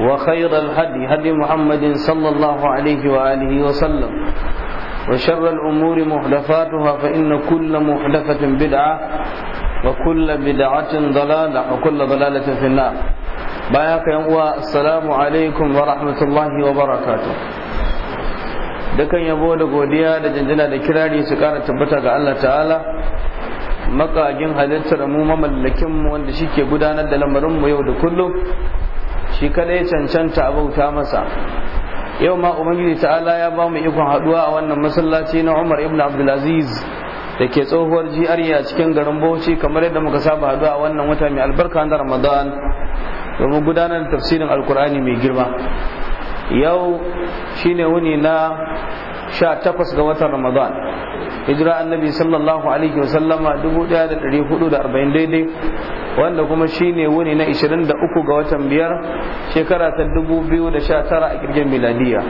وخير الهدي هدي محمد صلى الله عليه وآله وسلم وشر الأمور محدثاتها فإن كل محدثة بدعة وكل بدعة ضلالة وكل ضلالة في النار باياك يا السلام عليكم ورحمة الله وبركاته dukan yabo da godiya da janjina da kirari su kara tabbata ga Allah ta'ala makagin halittar mu mamallakin mu wanda shike gudanar da lamarin mu yau da kullum shi kadai cancanta abauta masa yau ma ubangiji ta'ala ya ba mu ikon haduwa a wannan masallaci na Umar ibn Abdulaziz da ke tsohuwar GRA e a cikin garin Bauchi kamar yadda muka saba haduwa a wannan wata mai albarka na Ramadan domin gudanar da tafsirin Alkur'ani mai girma yau shine wuni na 18 ga watan Ramadan hijira annabi sallallahu alaihi wasallama 1440 daidai wanda kuma shine wuni na 23 ga watan biyar shekara ta 2019 a kirgin miladiya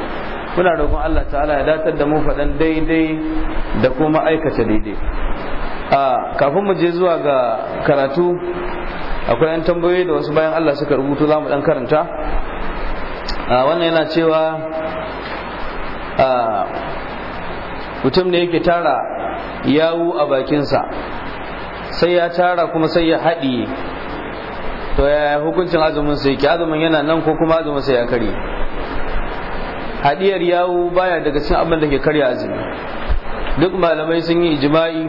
muna roƙon Allah ta'ala ya datar da mu faɗan daidai da kuma aikata daidai a kafin mu je zuwa ga karatu akwai ɗan tambayoyi da wasu bayan Allah suka rubutu za mu ɗan karanta wannan yana cewa mutum ne yake tara yawu a bakinsa sai ya tara kuma sai ya haɗiye to ya hukuncin azumin sai ke azumin yana nan ko kuma azumin sai ya karye haɗiyar yawu baya daga cikin abin da ke karya azumi duk malamai sun yi ijma'i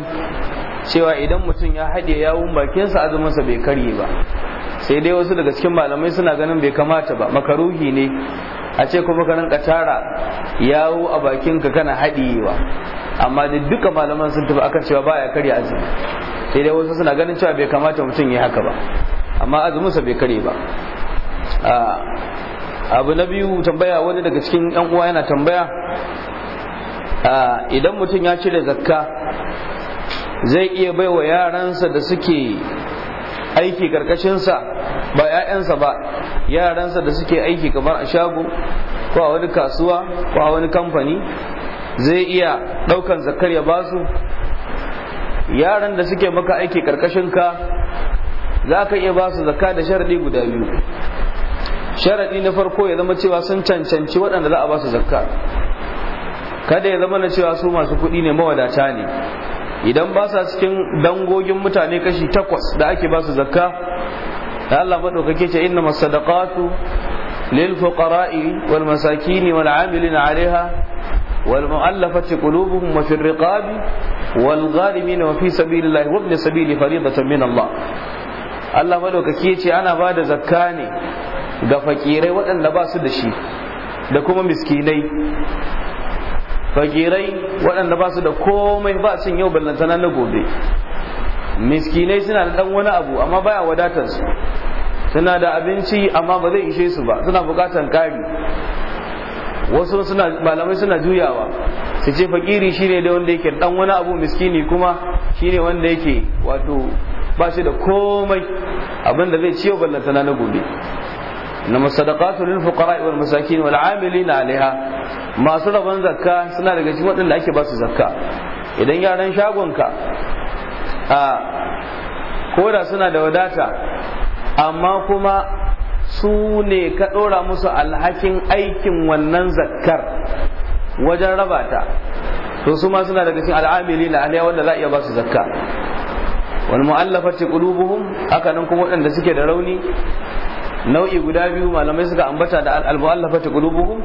cewa idan mutum ya haɗe yawun bakinsa azuminsa bai karye ba sai dai wasu daga cikin malamai suna ganin bai kamata ba makaruhi ne a ce kuma ka rinka tara yawo a bakinka kana haɗiyewa amma da duka malaman sun tafi akan cewa baya karya azumi sai dai wasu suna ganin cewa bai kamata mutum yi haka ba amma azuminsa bai karye ba abu na biyu tambaya wani daga cikin yan uwa yana tambaya idan mutum ya cire zakka zai iya baiwa yaransa da suke aiki karkashinsa ba 'ya'yansa ba yaransa da suke aiki kamar a shago ko a wani kasuwa ko a wani kamfani zai iya ɗaukan zakar ya basu yaran da suke maka aiki karkashinka za ka iya basu zakka da sharaɗi guda biyu sharaɗi na farko ya zama cewa sun cancanci waɗanda za a basu zakka kada ya zama na cewa su masu kuɗi ne mawadata ne idan ba sa cikin dangogin mutane kashi takwas da ake ba su zakka Allah maɗaukake ce inna masadaqatu lil fuqara'i wal masakini wal amilina 'alaiha wal mu'allafati qulubuhum wa fil riqabi wal gharimin wa fi sabilillahi wa ibn sabili fariidatan min Allah Allah maɗaukake ce ana ba da zakka ne ga fakirai waɗanda ba su da shi da kuma miskinai fagirai waɗanda ba su da komai ba cin yau ballantana na gobe miskinai suna da ɗan wani abu amma baya wadatar su suna da abinci amma ba zai ishe su ba suna buƙatar kari. wasu suna malamai suna juyawa su ce fakiri shine da wanda yake dan wani abu miskini kuma shine wanda yake wato ba shi da komai abin da zai ciyo ballantana na gobe na sadaqatu lil fuqara wal masakin wal amilina alaiha masu rabon zakka suna daga cikin waɗanda ake ba su zakka idan yaran shagonka a da suna da wadata amma kuma su ne ka ɗora musu alhakin aikin wannan zakkar wajen raba ta to su ma suna daga cikin al'amili na alaiya wanda za a iya ba su zakka wal mu'allafati qulubuhum haka kuma waɗanda suke da rauni nau'i guda biyu malamai suka ambata da al ta qulubuhum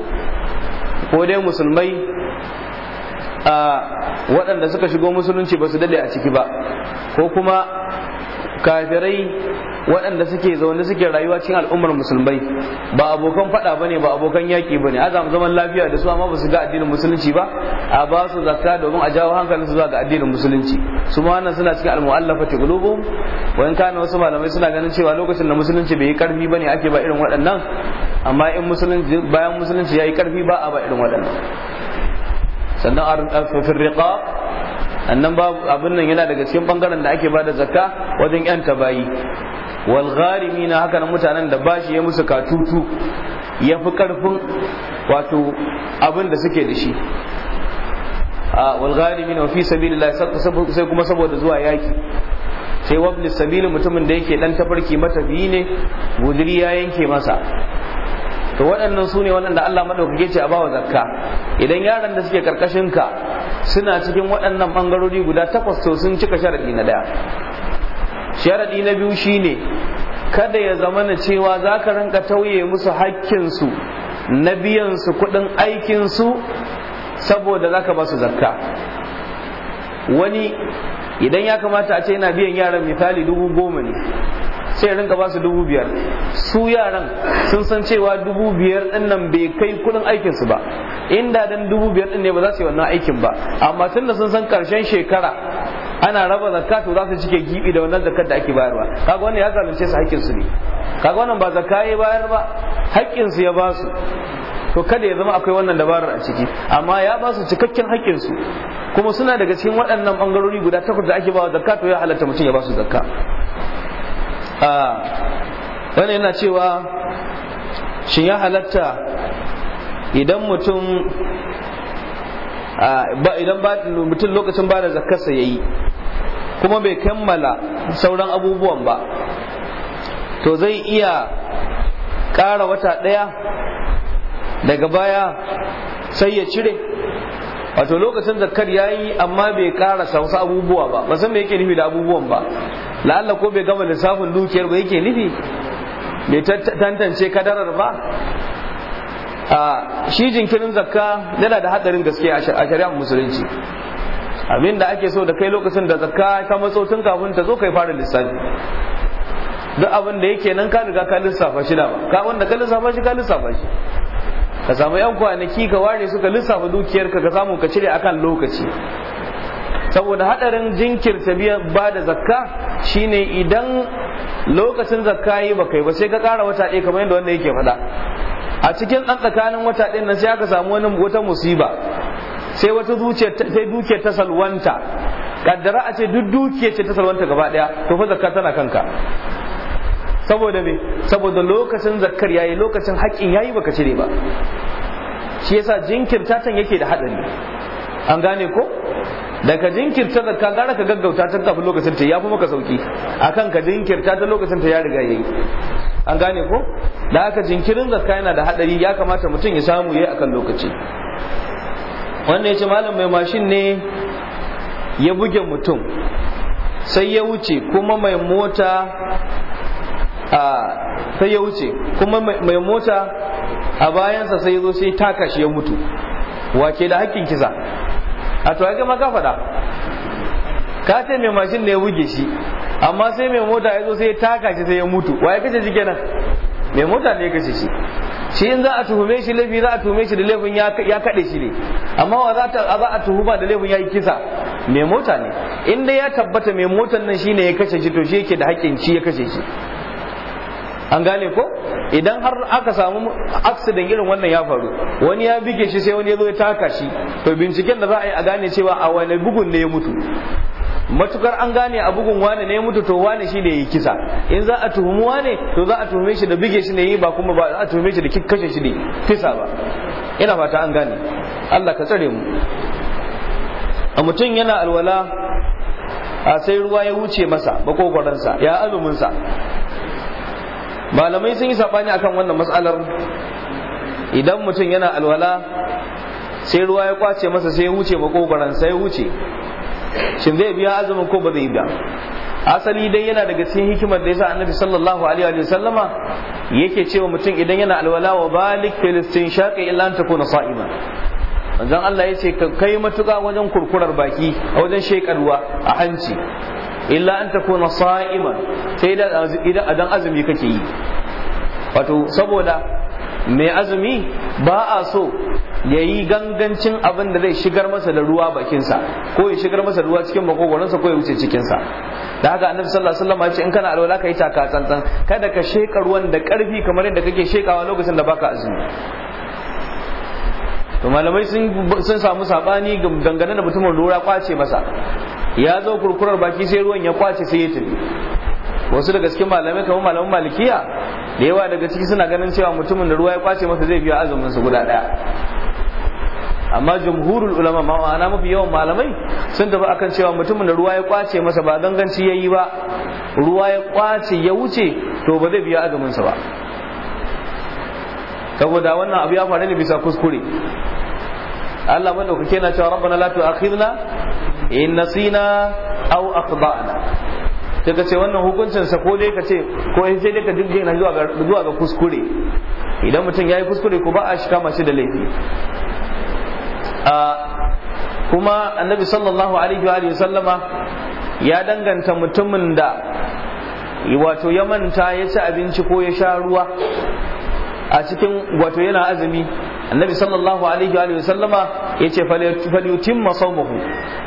ko dai musulmai a waɗanda suka shigo musulunci ba su dade a ciki ba ko kuma kafirai waɗanda suke zaune suke rayuwa cikin al'ummar musulmai ba abokan faɗa bane ba abokan yaƙi bane a zamu zaman lafiya da su amma ba su ga addinin musulunci ba a ba su zakka domin a jawo hankalin su zuwa ga addinin musulunci su ma wannan suna cikin al ta qulubuhum wani kana wasu malamai suna ganin cewa lokacin da musulunci bai yi karfi ne ake ba irin waɗannan amma in musulunci bayan musulunci ya yi karfi ba a ba irin waɗannan sannan riƙa annan babu abin nan yana daga cikin bangaren da ake bada zakka wajen yan tabayi wal gharimina haka mutanen da bashi ya musu katutu ya fi karfin wato abin da suke da shi a wal gharimina fi sabilillah sai kuma saboda zuwa yaki sai wabni sabili mutumin da yake dan tafarki matafiyi ne guduri ya yanke masa to waɗannan su ne waɗanda Allah maɗaukake ce a bawa zakka idan yaran da suke karkashin ka suna cikin waɗannan bangarori guda takwas to sun cika sharaɗi na daya. sharadi na biyu shine kada ya zamana cewa za ka rinka tauye musu hakkinsu na biyansu kuɗin su saboda za ka ba su zakka wani idan ya kamata a ce yana biyan yaran misali dubu goma ne sai ya rinka ba su dubu biyar su yaran sun san cewa dubu biyar din nan bai kai kudin aikin su ba inda dan dubu biyar din ne ba za su yi wannan aikin ba amma tun da sun san karshen shekara ana raba zakka to za su cike gibi da wannan zakkar da ake bayarwa kaga wannan ya zalunce su hakkin su ne kaga wannan ba zakka ya bayar ba haƙƙin su ya ba su to kada ya zama akwai wannan dabarar a ciki amma ya ba su cikakken haƙƙin su kuma suna daga cikin waɗannan bangarori guda takwas da ake ba zakka to ya halatta mutum ya ba su zakka Ah. wani yana cewa shin ya halatta idan mutum ah, idan mutum lokacin ba da zakasa ya yi kuma bai kammala sauran abubuwan ba to zai iya ƙara wata ɗaya daga baya sai ya cire wato lokacin zakar ya yi amma bai ƙara wasu abubuwa ba ba san me yake nufi da abubuwan ba la'alla ko bai gama lissafin dukiyar ba yake nufi bai tantance kadarar ba a shi jinkirin zakka yana da hadarin gaske a shari'ar musulunci abin da ake so da kai lokacin da zakka ta matso tun kafin ta zo kai fara lissafi duk abin da yake nan ka riga ka lissafa shi da ba ka wanda ka lissafa shi ka lissafa shi ka samu yan kwanaki ka ware su ka lissafa dukiyarka ka samu ka cire akan lokaci saboda hadarin jinkirta biyan ba da zakka shine idan lokacin zakka yi ba kai ba sai ka kara wata ɗaya kamar yadda wanda yake faɗa a cikin ɗan tsakanin wata ɗin nan sai aka samu wani wata musiba sai wata duke ta dukiyar ta salwanta kaddara a ce duk dukiyar ce ta salwanta gaba ɗaya to fa zakka tana kanka saboda me saboda lokacin zakkar yayi lokacin haƙƙin yayi baka cire ba shi yasa jinkirta tan yake da hadari. an gane ko da ka jinkirta da ka gara ka gaggauta ta kafin lokacin ta ya fi maka sauki akan ka jinkirta ta lokacin ta ya riga yayi an gane ko da aka jinkirin zakka yana da hadari ya kamata mutum ya samu yayi akan lokaci wannan yace malam mai mashin ne ya buge mutum sai ya wuce kuma mai mota sai ya wuce kuma mai mota a bayansa sai ya zo sai taka shi ya mutu ke da hakkin kisa a to ya ma ka faɗa ka ce mai mashin ne ya buge shi amma sai mai mota ya zo sai ya taka shi sai ya mutu Wa ya kace shi kenan mai mota ne ya kace shi shi in za a tuhume shi laifi za a tuhume shi da laifin ya kaɗe shi ne amma wa za a tuhuma da laifin ya yi kisa mai mota ne in dai ya tabbata mai motan nan shine ya kashe shi to shi yake da hakkin shi ya kashe shi an gane ko idan har aka samu accident irin wannan ya faru wani ya bige shi sai wani ya zo ya taka shi to binciken da za a yi a gane cewa a wani bugun ne ya mutu matukar an gane a bugun wane ne ya mutu to wane shi ne yi kisa in za a tuhumi wane to za a tuhume shi da bige shi ne yi ba kuma ba a tuhume shi da kashe shi ne kisa ba ina fata an gane Allah ka tsare mu a mutum yana alwala a sai ruwa ya wuce masa bakokwaransa ya sa malamai sun yi saɓani akan wannan matsalar idan mutum yana alwala sai ruwa ya kwace masa sai ya wuce makogoron sai ya wuce shin zai biya azumin ko ba zai biya asali dai yana daga cikin hikimar da yasa annabi sallallahu alaihi wa sallama yake cewa mutum idan yana alwala wa balik filistin shaqi illa an takuna sa'ima manzon Allah yace ka kai matuka wajen kurkurar baki a wajen shekar a hanci illa an takuna sa'iman sai idan adan azumi kake yi wato saboda mai azumi ba a so ya yi gangancin abin da zai shigar masa da ruwa bakinsa ko ya shigar masa ruwa cikin makogoronsa ko ya wuce cikinsa da haka annabi sallallahu alaihi wasallam ya ce in kana alwala ka yi taka tsantsan kada ka sheka ruwan da karfi kamar yadda kake shekawa lokacin da baka azumi to malamai sun samu sabani dangane da mutumin lura kwace masa ya zo kurkurar baki sai ruwan ya kwace sai ya tafi wasu daga cikin malamai kamar malaman malikiya da yawa daga ciki suna ganin cewa mutumin da ruwa ya kwace masa zai biya azumin su guda daya amma jumhurul ulama ana mafi yawan malamai sun tafi akan cewa mutumin da ruwa ya kwace masa ba ganganci yayi ba ruwa ya kwace ya wuce to ba zai biya azumin sa ba saboda wannan abu ya faru ne bisa kuskure Allah madaukake yana cewa rabbana la tu'akhidna in nasina aw akhtana sai ka ce wannan hukuncin sa ko dai ka ce ko sai dai ka dinga yana zuwa ga kuskure idan mutum yayi kuskure ko ba a shi kama shi da laifi kuma annabi sallallahu alaihi wa sallama ya danganta mutumin da wato ya manta ya ci abinci ko ya sha ruwa a cikin wato yana azumi annabi sallallahu alaihi wa sallama yace falyutimma sawmuhu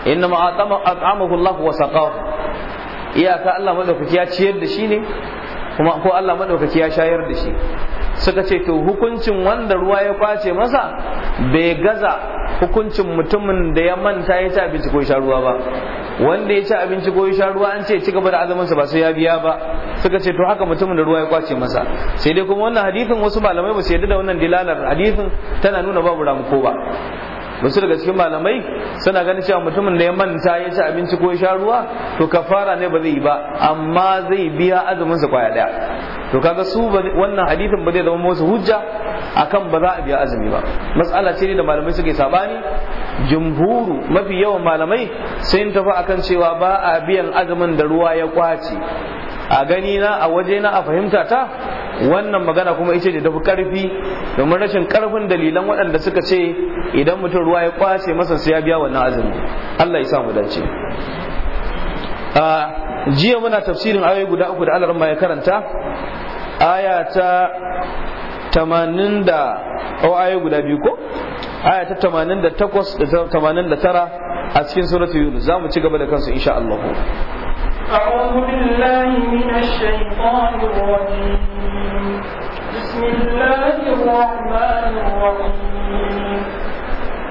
inna ma at'amahu Allah wa saqahu iyaka Allah madaukaki ya ciyar da shi ne kuma ko Allah madaukaki ya shayar da shi suka ce to hukuncin wanda ruwa ya kwace masa bai gaza hukuncin mutumin da ya manta ya ci abinci ko sha ruwa ba wanda ya ci abinci ko sha ruwa an ce ci gaba da azuminsa ba sai ya biya ba suka ce to haka mutumin da ruwa ya kwace masa sai dai kuma wannan hadithin wasu malamai ba su yarda da wannan dilalar hadithin tana nuna babu ramuko ba wasu daga cikin malamai suna ganin cewa mutumin da ya manta ya ci abinci ko ya sha ruwa to kafara ne ba zai yi ba amma zai biya azuminsa kwaya daya to kaga su wannan hadithin ba zai zama musu hujja akan ba za a biya azumi ba matsala ce da malamai suke sabani jumhuru mafi yawan malamai sai in tafi akan cewa ba a biyan azumin da ruwa ya kwace a gani na a waje na a fahimta ta wannan magana kuma ita ce tafi karfi domin rashin karfin dalilan waɗanda suka ce idan mutum ruwa ya kwace masa sai ya biya wannan azumi Allah ya sa mu dace jiya muna tafsirin ayoyi guda uku da Allah ya karanta aya ta tamanin da aya guda biyu ko aya ta tamanin da takwas da tamanin da tara a cikin suratul yunus za mu ci gaba da kansu insha Allah أعوذ بالله من الشيطان الرجيم بسم الله الرحمن الرحيم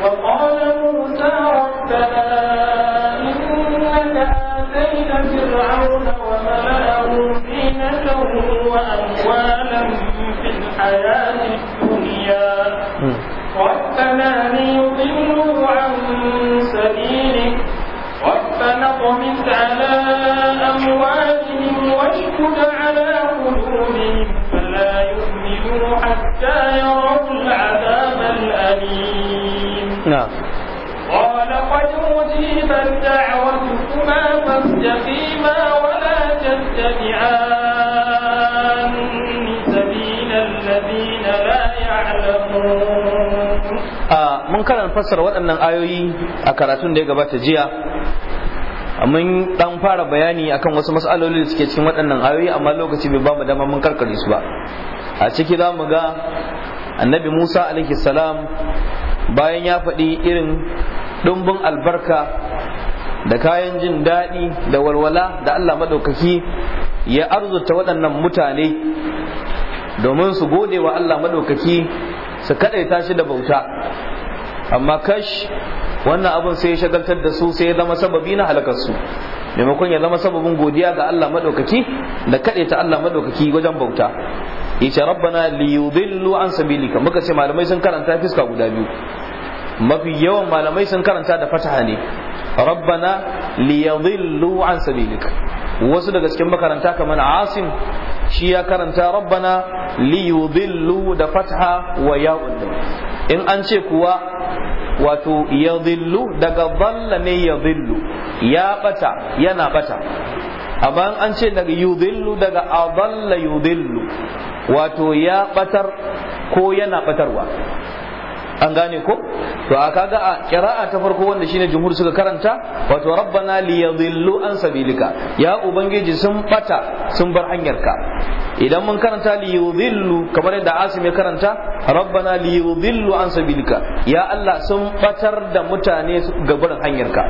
وقال موسى ربنا وأموالا في الحياة الدنيا ربنا ليضلوا عن سبيلك ربنا اطمس على أموالهم واشكد على قلوبهم فلا يؤمنوا حتى يروا العذاب الأليم نعم قال قد أجيبت دعوتكما فاستقيما ولا تتبعا mun karanta fassara waɗannan ayoyi a karatun da ya gabata jiya mun dan fara bayani akan wasu matsaloli da suke cikin waɗannan ayoyi amma lokaci bai ba mu dama mun karkare su ba a ciki za mu ga annabi Musa alaihi salam bayan ya faɗi irin ɗumbin albarka da kayan jin daɗi da walwala da Allah maɗaukaki ya arzuta waɗannan mutane domin su gode wa Allah maɗaukaki su kadaita shi da bauta amma kash wannan abin sai ya shagaltar da su sai ya zama sababi na halakarsu maimakon ya zama sababin godiya ga Allah madaukaki da kadaita Allah madaukaki wajen bauta yace rabbana liyudillu an sabilika muka ce malamai sun karanta fiska guda biyu mafi yawan malamai sun karanta da fataha ne rabbana liyadillu an sabilika wasu daga cikin makaranta kamar asim shi ya karanta rabbana li yudillu da fatha wa ya'un in an ce kuwa wato yadhillu daga dhalla ne yadhillu ya bata yana bata amma an ce daga yudillu daga adalla yudillu wato ya batar ko yana batarwa an gane ko to a kaga a kira'a ta farko wanda shine jumhur suka karanta wato rabbana liyadhillu an sabilika ya ubangiji sun bata sun bar hanyarka idan mun karanta liyudhillu kamar yadda asim ya karanta rabbana liyudhillu an sabilika ya Allah sun batar da mutane ga barin hanyarka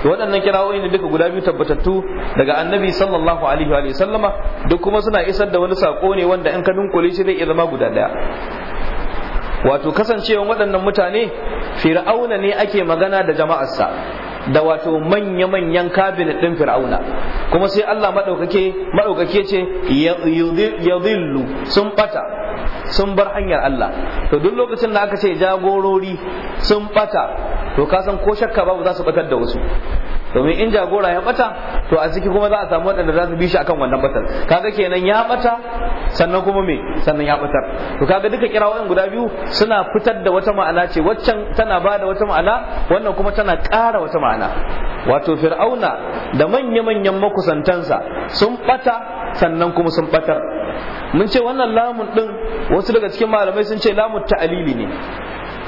waɗannan kirawoyi ne duka guda biyu tabbatattu daga annabi sallallahu alaihi wa sallama duk kuma suna isar da wani sako ne wanda in ka dunkule shi zai iya zama guda daya wato kasancewan waɗannan mutane fir'auna ne ake magana da jama'arsa da wato manya-manyan kabinet ɗin fir'auna kuma sai Allah maɗaukake ce, ce yadhillu sun ɓata, sun bar hanyar Allah to duk lokacin da aka ce jagorori sun ɓata, to kasan ko shakka babu za su batar da wasu domin in jagora ya bata to a ciki kuma za a samu waɗanda za su bi shi akan wannan batar kaga kenan ya bata sannan kuma me sannan ya batar to kaga duka kirawoyin guda biyu suna fitar da wata ma'ana ce waccan tana ba da wata ma'ana wannan kuma tana ƙara wata ma'ana wato fir'auna da manya-manyan makusantansa sun bata sannan kuma sun batar mun ce wannan lamun din wasu daga cikin malamai sun ce lamun ta'alili ne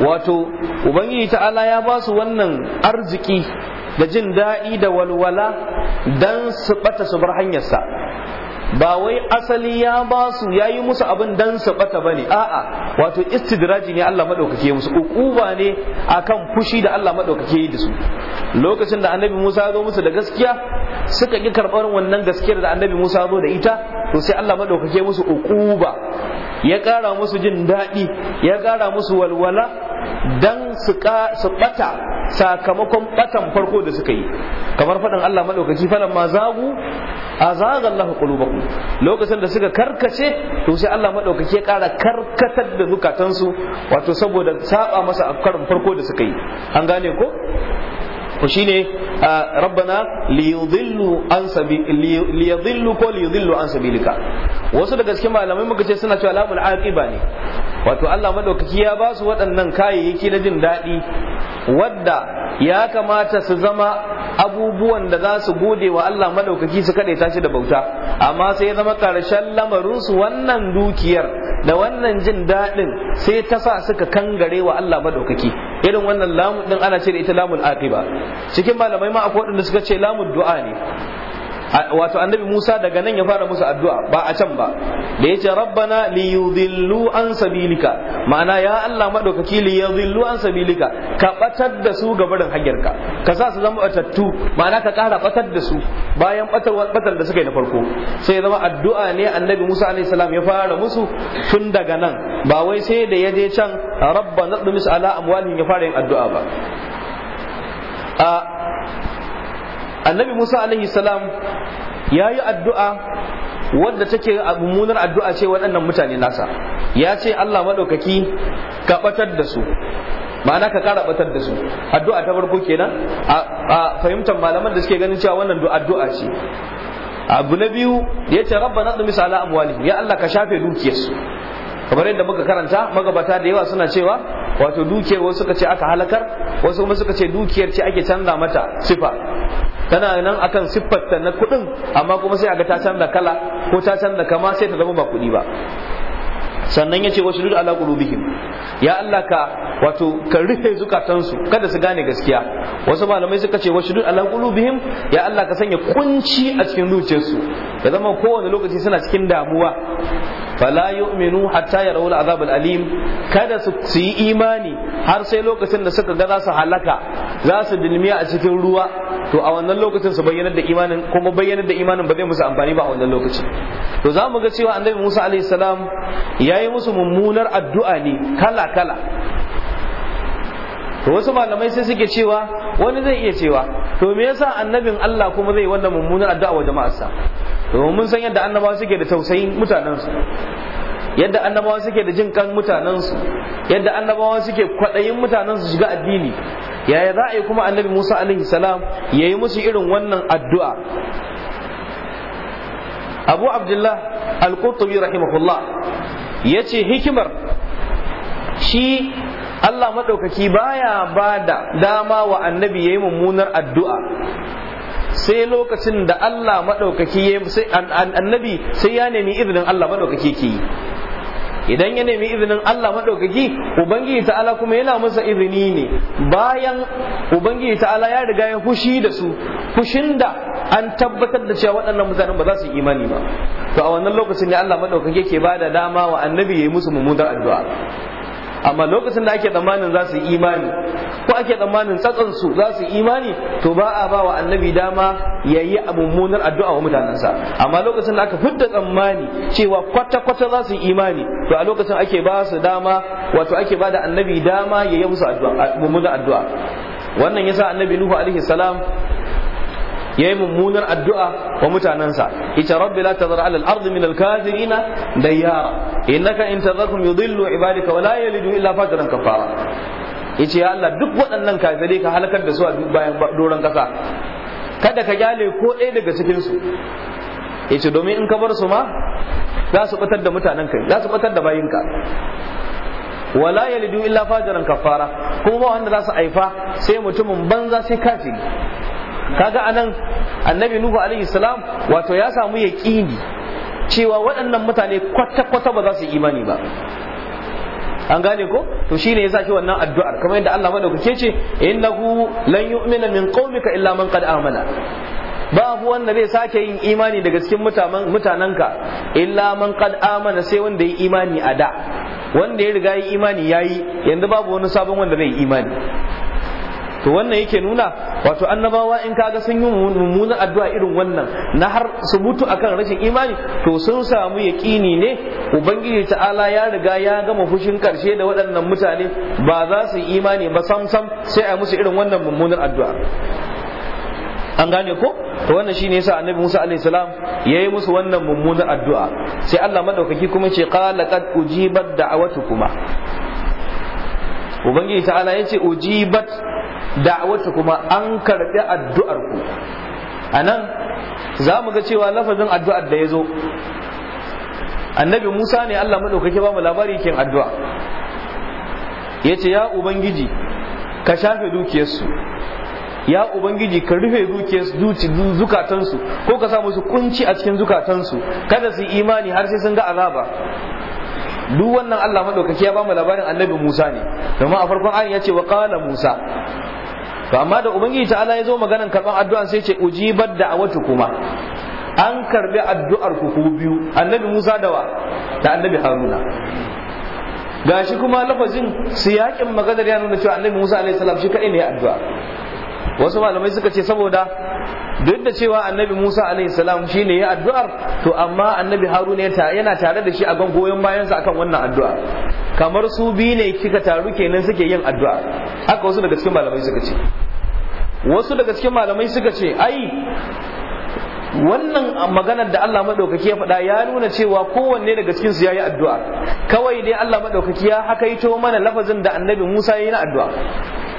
wato ubangiji ta'ala ya ba su wannan arziki da jin daɗi da walwala dan su bata su bar hanyarsa ba wai asali ya ba su ya yi musu abin dan su bata ba ne a'a wato istidraji ne Allah maɗaukake musu ukuba ne akan fushi da Allah maɗaukake yi da su lokacin da annabi Musa ya zo musu da gaskiya suka ƙi karɓar wannan gaskiyar da annabi Musa ya zo da ita to sai Allah maɗaukake musu ukuba ya ƙara musu jin daɗi ya ƙara musu walwala dan su ɓata sakamakon ɓatan farko da suka yi kamar faɗin Allah maɗaukaki falan ma zagu a zaga Allah lokacin da suka karkace to sai Allah maɗaukaki ya ƙara karkatar da zukatansu wato saboda saba masa a karin farko da suka yi an gane ko ko shine rabbana liyudillu an liyudillu ko liyudillu an sabilika wasu daga cikin malamai muka ce suna cewa lamul aqiba ne wato Allah madaukaki ya ba su waɗannan kayayyaki na jin daɗi wadda ya kamata su zama abubuwan da za su gode wa Allah madaukaki su kaɗai tashi da bauta amma sai ya zama ƙarshen su wannan dukiyar da wannan jin daɗin sai ta sa suka kangare wa Allah madaukaki irin wannan lamun din ana ce da ita lamul aqiba cikin malamai ma akwai wadanda suka ce lamul du'a ne wato annabi Musa daga nan ya fara musu addu'a ba a can ba da yace rabbana yudhillu an sabilika ma'ana ya Allah madaukaki yudhillu an sabilika ka batar da su ga barin hanyarka ka sa su zama batattu ma'ana ka kara batar da su bayan batar batar da suka yi na farko sai zama addu'a ne annabi Musa alaihi salam ya fara musu tun daga nan ba wai sai da ya je can rabbana dumis ala amwalihim ya fara yin addu'a ba annabi musa alaihi salam ya yi addu'a wadda take mummunar addu'a ce waɗannan mutane nasa ya ce allah maɗaukaki ka ɓatar da su ma'ana ka ƙara ɓatar da su addu'a ta farko kenan a fahimtar malaman da suke ganin cewa wannan addu'a ce abu na biyu ya ce rabba na ɗumi sala amwali ya allah ka shafe dukiyarsu kamar yadda muka karanta magabata da yawa suna cewa wato dukiyar wasu suka ce aka halakar wasu kuma suka ce dukiyar ce ake canza mata sifa tana nan akan ta na kuɗin amma kuma sai ga ta canza kala ko ta canza kama sai ta zama ba kuɗi ba sannan ya ce wasu duk ala qulubihim ya Allah ka wato ka rufe zukatansu kada su gane gaskiya wasu malamai suka ce wasu duk ala qulubihim ya Allah ka sanya kunci a cikin zuciyarsu ya zama kowane lokaci suna cikin damuwa fala yu'minu hatta yarawu al'azab al'alim kada su yi imani har sai lokacin da suka ga za halaka za su dilmiya a cikin ruwa to a wannan lokacin su bayyanar da imanin kuma bayyanar da imanin ba zai musu amfani ba a wannan lokacin to za mu ga cewa annabi Musa alaihi salam yayi musu mummunar addu'a ne kala kala to wasu malamai sai suke cewa wani zai iya cewa to me yasa annabin Allah kuma zai wannan mummunar addu'a wa jama'arsa domin mun san yadda annabawa suke da tausayin mutanensu yadda annabawa suke da jin kan mutanensu yadda annabawa suke kwaɗayin mutanensu shiga addini yaya za a yi kuma annabi musa alaihi salam ya yi musu irin wannan addu'a abu abdullah al-qurtubi rahimahullah ya ce hikimar shi allah maɗaukaki baya ba da dama wa annabi ya yi mummunar addu'a sai lokacin da Allah maɗaukaki ya sai annabi sai ya nemi izinin Allah maɗaukaki ke yi idan ya nemi izinin Allah maɗaukaki Ubangiji ta'ala kuma yana masa izini ne bayan Ubangiji ta'ala ya riga ya fushi da su fushin da an tabbatar da cewa waɗannan mutanen ba za su yi imani ba to a wannan lokacin ne Allah maɗaukaki ke bada dama wa annabi ya yi musu mummunar addu'a amma lokacin da ake tsammanin za su yi imani ko ake tsammanin tsatsansu za su yi imani to ba a ba wa annabi dama ya yi mummunar addu'a wa mutanensa amma lokacin da aka fidda tsammani cewa kwata-kwata za su yi imani to a lokacin ake ba su dama wato ake ba da annabi dama ya yi musu mummunar addu'a wannan ya sa annabi nuhu alaihi yayi mummunar addu'a wa mutanansa ita rabbi la tazar ala al-ardi min al-kafirina dayyara innaka in tadharhum yudillu ibadika wa la yalidu illa fajran kafara yace ya Allah duk waɗannan kafirai ka halakar da su a bayan doron kasa kada ka kyale ko ɗaya daga cikin su yace domin in ka bar su ma za su batar da mutanen kai za su batar da bayinka wala yalidu illa fajiran kafara kuma ba wanda za su haifa sai mutumin banza sai kafiri kaga anan annabi nuhu alaihi salam wato ya samu yaqini cewa waɗannan mutane kwata-kwata ba za su imani ba an gane ko to shine yasa shi wannan addu'ar kamar yadda Allah madaukake ce innahu lan yu'mina min qaumika illa man qad amana abu wanda zai sake yin imani daga cikin mutanenka illa man qad amana sai wanda ya imani a da wanda ya riga yin imani yayi yanzu babu wani sabon wanda zai yi imani to wannan yake nuna wato annabawa in kaga sun yi mummunan addu'a irin wannan na har su mutu akan rashin imani to sun samu yaƙini ne ubangiji ta'ala ya riga ya gama fushin karshe da waɗannan mutane ba za su yi imani ba sam sam sai a musu irin wannan mummunan addu'a an gane ko to wannan shine yasa annabi Musa alaihi salam yayi musu wannan mummunan addu'a sai Allah madaukaki kuma ce qala qad ujibat da'awatukuma ubangiji ta'ala yace ujibat da'awarta kuma an karɓi addu'ar ku a nan za mu ga cewa lafazin addu'ar da ya zo annabi musa ne allah maɗaukaki ba mu labari kin addu'a ya ce ya ubangiji ka shafe dukiyarsu ya ubangiji ka rufe zukatansu ko ka sa musu kunci a cikin zukatansu kada su imani har sai sun ga azaba duk wannan Allah madaukaki ya ba mu labarin annabi Musa ne domin a farkon ayin ya ce wa qala Musa to amma da ubangiji ta'ala ya zo maganan karban addu'an sai ce ujibar da'awatu kuma an karbi addu'ar ku ku biyu annabi Musa da wa da annabi Haruna gashi kuma lafazin siyakin maganar ya nuna cewa annabi Musa alaihi salam shi kadai ne addu'a wasu malamai suka ce saboda duk da cewa annabi Musa alaihi salam shi ne ya addu'ar to amma annabi Haruna yana tare da shi a goyon bayansa akan wannan addu'a kamar su biyu ne kika taru kenan suke yin addu'a haka wasu daga cikin malamai suka ce wasu daga cikin malamai suka ce ai wannan maganar da Allah maɗaukaki ya faɗa ya nuna cewa kowanne daga cikin su yayi addu'a kawai dai Allah maɗaukaki ya hakaito mana lafazin da annabi Musa yayi na addu'a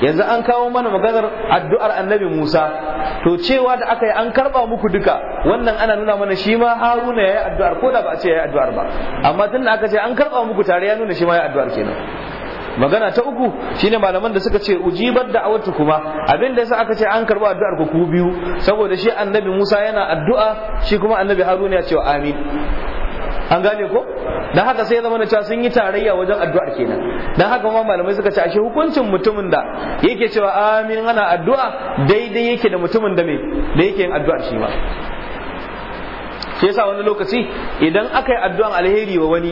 yanzu an kawo mana maganar addu'ar annabi Musa to cewa da aka yi an karba muku duka wannan ana nuna mana shi ma Haruna yayi addu'ar ko da ba a ce yayi addu'ar ba amma tunda aka ce an karba muku tare ya nuna shi ma yayi addu'ar kenan magana ta uku shine malaman da suka ce ujibar da'awatu kuma abinda da yasa aka ce an karba addu'ar ku biyu saboda shi annabi Musa yana addu'a shi kuma annabi Haruna ya ce amin an gane ko dan haka sai ya zama na cewa sun yi tarayya wajen addu'ar kenan dan haka ma malamai suka ce ashe hukuncin mutumin da yake cewa amin ana addu'a daidai yake da mutumin da me da yake yin addu'ar shi ma Sai yasa wani lokaci idan aka yi addu'an alheri wa wani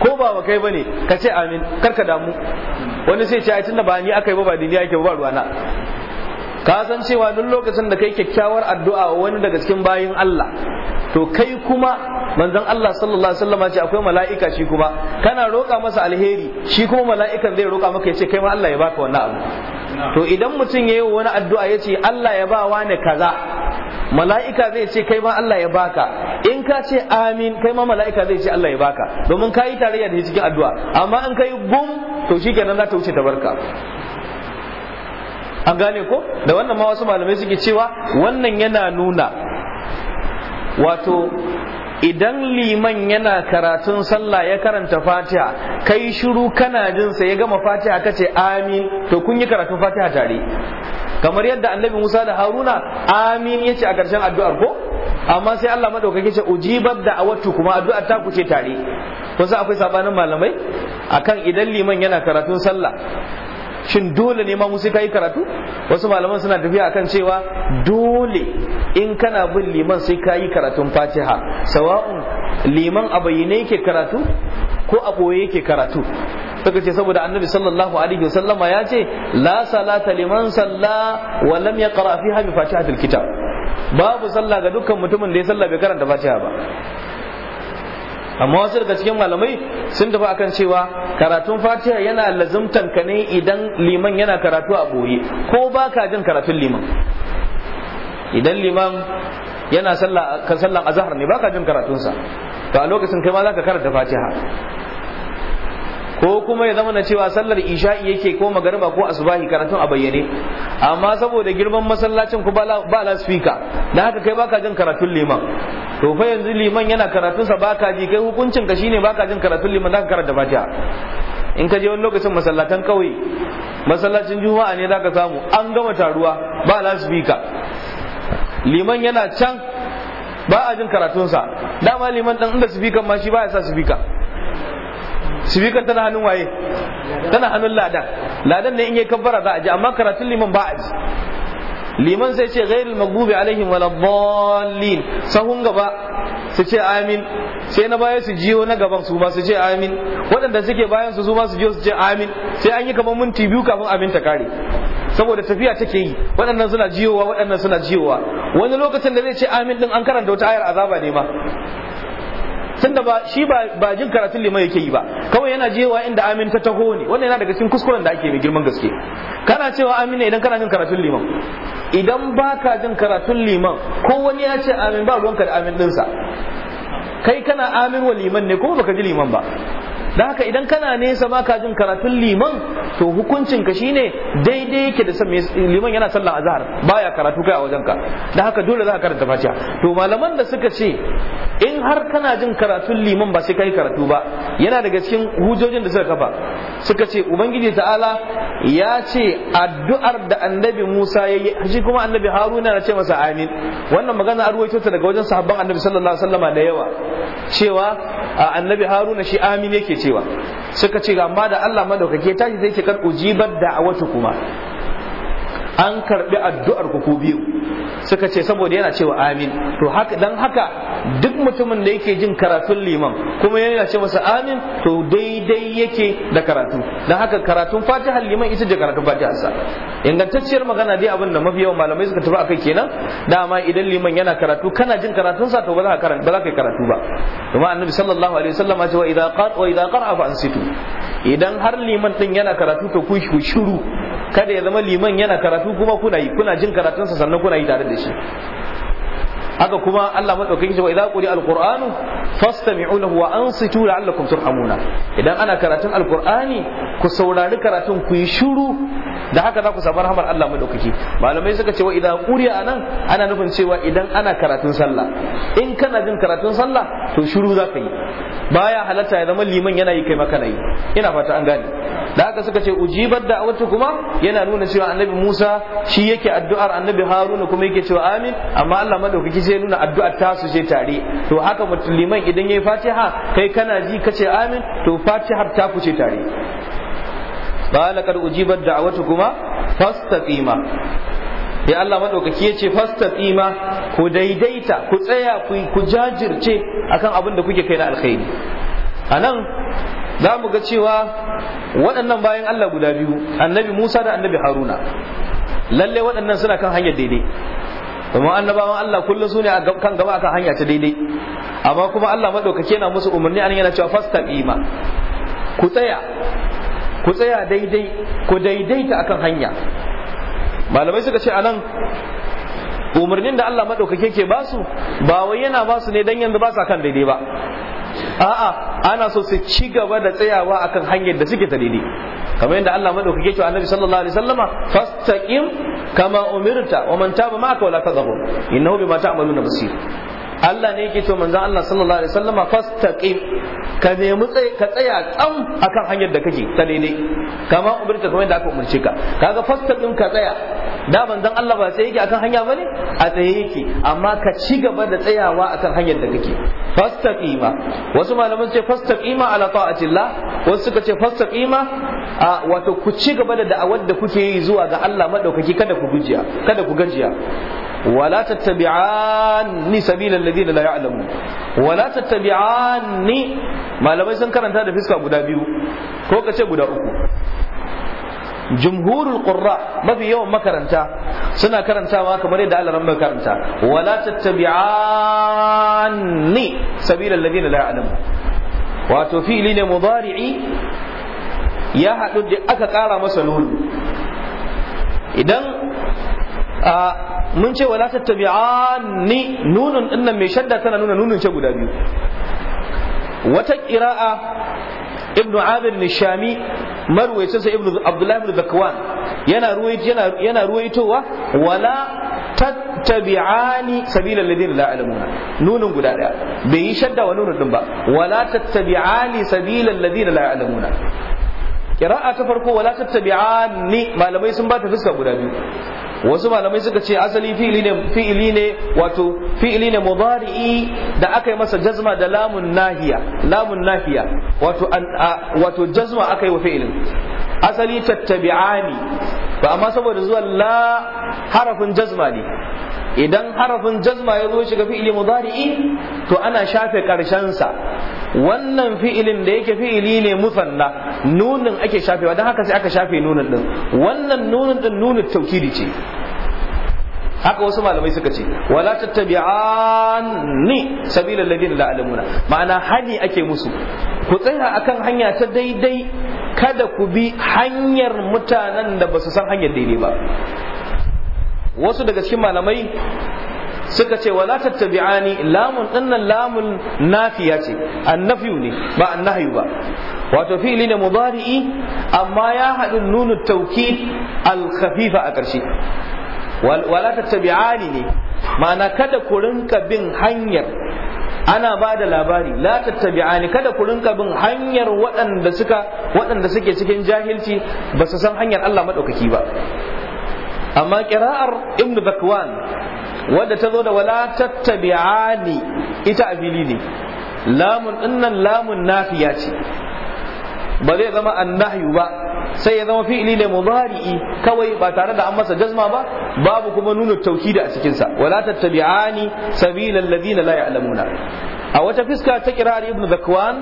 ko ba wa kai bane ka ce amin kar damu wani sai ce ai tunda ba ni aka ba ba dini ake ba ruwana ka san cewa duk lokacin da kai kyakkyawar addu'a wani daga cikin bayin Allah to kai kuma manzon Allah sallallahu alaihi wasallam ce akwai mala'ika shi kuma kana roƙa masa alheri shi kuma mala'ikan zai roƙa maka yace kai ma Allah ya baka wannan abu to idan mutum yayi wani addu'a yace Allah ya ba wani kaza mala'ika zai ce kai ma Allah ya baka in ka ce amin kai ma mala'ika zai ce Allah ya baka domin ka yi tarayya da cikin addu'a amma in ka yi gum to shikenan za ta wuce ta barka an gane ko da wannan ma wasu malamai suke cewa wannan yana nuna wato idan liman yana karatun sallah ya karanta fatiha kai shiru kana jinsa ya gama fatiha ka amin to kun yi karatun fatiha tare kamar yadda annabi Musa da Haruna amin yace a karshen addu'ar ko amma sai Allah madaukake ce ujibar da awattu kuma addu'ar ta kuce tare kun akwai sabanin malamai akan idan liman yana karatun sallah shin dole ne ma mu sai kai karatu wasu malaman suna tafiya akan cewa dole in kana bin liman sai kayi karatun fatiha sawa'un liman a bayyane yake karatu ko a boye yake karatu suka ce saboda annabi sallallahu alaihi wasallama ya ce la salata liman salla wa lam yaqra fiha bi fatihatil kitab babu salla ga dukkan mutumin da ya salla bai karanta fatiha ba amma wasu daga cikin malamai sun tafi akan cewa karatun fatiha yana lazumtan ka ne idan liman yana karatu a boye ko ba ka jin karatun liman idan liman yana sallah ka sallan azhar ne ba ka jin karatunsa to a lokacin kai ma za ka karanta fatiha ko kuma ya zama na cewa sallar isha'i yake ko magariba ko asubahi karatun a bayyane amma saboda girman masallacin ku ba lasfika da haka kai baka jin karatun liman to fa yanzu liman yana karatun sa baka ji kai hukuncin ka shine baka jin karatun liman zaka karanta fatiha in ka je wani lokacin masallatan kawai masallacin juma'a ne zaka samu an gama taruwa ba lasfika liman yana can ba a jin karatunsa dama liman dan inda sifikan ma shi ba ya sa sifika sifikar tana hannun waye tana hannun ladan ladan ne in yi kabbara za a ji amma karatun liman ba a ji liman sai ce ghairul maghdubi alaihim wala dhallin sahun gaba su ce amin sai na baya su jiyo na gaban su ma su ce amin waɗanda suke bayan su su ma su jiyo su ce amin sai an yi kamar minti biyu kafin amin ta kare saboda tafiya take yi waɗannan suna jiyowa waɗannan suna jiyowa wani lokacin da zai ce amin din an karanta wata ayar azaba ne ma tunda ba shi ba jin karatun liman yake yi ba kawai yana jewa inda amin ta taho ne wannan yana daga cikin kuskuren da ake mai girman gaske kana cewa amin ne idan kana jin karatun liman idan ba ka jin karatun liman ko wani ya ce amin ba ruwanka da amin dinsa kai kana amin wa liman ne kuma baka ji liman ba da haka idan kana nesa ma ka jin karatun liman to hukuncin ka shine daidai yake da liman yana sallah azhar baya karatu kai a wajen ka da haka dole za ka karanta fatiha to malaman da suka ce in har kana jin karatun liman ba sai kai karatu ba yana daga cikin hujojin da suka kafa suka ce ubangiji ta'ala ya ce addu'ar da annabi Musa ya yi. shi kuma annabi Haruna na ce masa amin wannan magana an ruwaito ta daga wajen sahabban annabi sallallahu alaihi wasallama da yawa cewa annabi Haruna shi amin yake cewa suka ce amma da Allah madaukake tashi zai ce kar ujibar da'awatu kuma an karbi addu'ar ku biyu suka ce saboda yana cewa amin to haka dan haka duk mutumin da yake jin karatun liman kuma yana ce masa amin to daidai yake da karatu dan haka karatun fatihar liman ita ce karatun fatihar sa ingantacciyar magana dai abin da mafi yawan malamai suka tafi akai kenan dama idan liman yana karatu kana jin karatun sa to ba za ka karanta ba za ka yi karatu ba kuma annabi sallallahu alaihi wasallam ya ce wa idza qara wa idza qara fa ansitu idan har liman din yana karatu to ku shiru kada ya zama liman yana karatu kuma kuna yi kuna jin karatunsa sannan kuna yi tare da shi haka kuma Allah madaukakin shi wa idza quri alquranu fastami'u lahu wa ansitu la'allakum turhamuna idan ana karatun alqurani ku saurari karatun ku yi shiru da haka za ku samu rahmar Allah madaukaki malamai suka ce wa idza quri anan ana nufin cewa idan ana karatun sallah in kana jin karatun sallah to shiru za ka yi baya halatta ya zama liman yana yi kai maka yi ina fata an gane da haka suka ce ujibar da wacce kuma yana nuna cewa annabi Musa shi yake addu'ar annabi Haruna kuma yake cewa amin amma Allah madaukaki sai nuna addu'ar tasu je tare to haka musulman idan yayi fatiha kai kana ji kace amin to fatihar ta ku ce tare qala kad ujibat da'watukuma fastaqima ya Allah madaukaki yace ce fastaqima ku daidaita ku tsaya ku jajirce akan abin da kuke kai na alkhairi anan za mu ga cewa waɗannan bayan Allah guda biyu annabi Musa da annabi Haruna lalle waɗannan suna kan hanyar daidai domin annabawan Allah kullum su ne a kan gaba akan hanya ta daidai amma kuma Allah madaukake yana musu umarni an yana cewa ima ku tsaya ku tsaya daidai ku daidaita akan hanya malamai suka ce anan umarnin da Allah madaukake ke basu ba wai yana basu ne dan yanzu ba sa kan daidai ba a'a ana so su ci gaba da tsayawa akan hanyar da suke ta daidai kamar yadda Allah madaukake cewa annabi sallallahu alaihi wasallama fastaqim kama umirta wa man taba ma'aka wala tadhur innahu bima ta'maluna basir Allah ne yake to manzon Allah sallallahu alaihi wasallama fastaqim ka nemi ka tsaya tsam akan hanyar da kake ta daidai kama umarta kamar yadda aka umarce ka kaga fastaqim ka tsaya da manzon Allah ba sai yake akan hanya bane a tsaye yake amma ka ci gaba da tsayawa akan hanyar da kake fastaqima wasu malaman ce fastaqima ala ta'atillah wasu suka ce fastaqima wato ku ci gaba da da'awar da kuke yi zuwa ga Allah madaukaki kada ku gujiya kada ku gajiya ولا تتبعاني سبيل الذين لا يعلمون ولا تتبعاني malamai sun karanta da fiska guda biyu ko kace guda uku jumhurul qurra mafi yawan makaranta suna karantawa kamar da Allah ran karanta wala tattabi'anni sabila alladhina la ya'lamun wato fi'li ne mudari'i ya haɗu da aka ƙara masa nuni idan mun ce wala ni nunun din nan mai shadda tana nuna nunun ce guda biyu wata ƙira'a ibn amir nishami marwayacin sa ibn abdullahi ibn zakwan yana ruwaito yana yana ruwaitowa wala tattabi'ani sabila alladhina la alamuna nunun guda daya bai yi shadda wa nunun din ba wala tattabi'ani sabila alladhina la alamuna. Ƙira'a ta farko wala tattabi'ani malamai sun ba ta fuska guda biyu wasu malamai suka ce asali fi'ili ne fi'ili ne wato fi'ili ne mudari'i da aka yi masa jazma da lamun nahiya lamun nahiya wato wato jazma aka yi wa fi'ilin asali tattabi'ani ba amma saboda zuwa la harafin jazma ne idan harafin jazma ya zo shiga fi'ili mudari'i to ana shafe sa wannan fi'ilin da yake fi'ili ne musanna nunin ake shafewa don haka sai aka shafe nunin din wannan nunin din nunin taukidi ce haka wasu malamai suka ce wala tattabi'ani sabila ladina la alamuna ma'ana hani ake musu ku tsaya akan hanya ta daidai kada ku bi hanyar mutanen da ba su san hanyar daidai ba wasu daga cikin malamai suka ce wala tattabi'ani lamun dinnan lamun nafiya ce annafiyu ne ba annahyu ba wato fi'li ne mubari'i amma ya haɗu nunu tawkid al-khafifa a ƙarshe wala tattabi'ani ne ma'ana kada ku rinka bin hanyar ana ba da labari la tattabi'ani kada ku rinka bin hanyar waɗanda suka waɗanda suke cikin jahilci ba su san hanyar Allah maɗaukaki ba amma kira'ar ibnu bakwan wadda ta zo da wala tattabi'ani ita a fili ne lamun dinnan lamun nafiya ce ba zai zama annahyu ba sai ya zama fi'ili ne mudari'i kawai ba tare da an masa jazma ba babu kuma nuna tauhidi a cikin sa wala tattabi'ani sabilal ladina la ya'lamuna a wata fiska ta kirar ibnu zakwan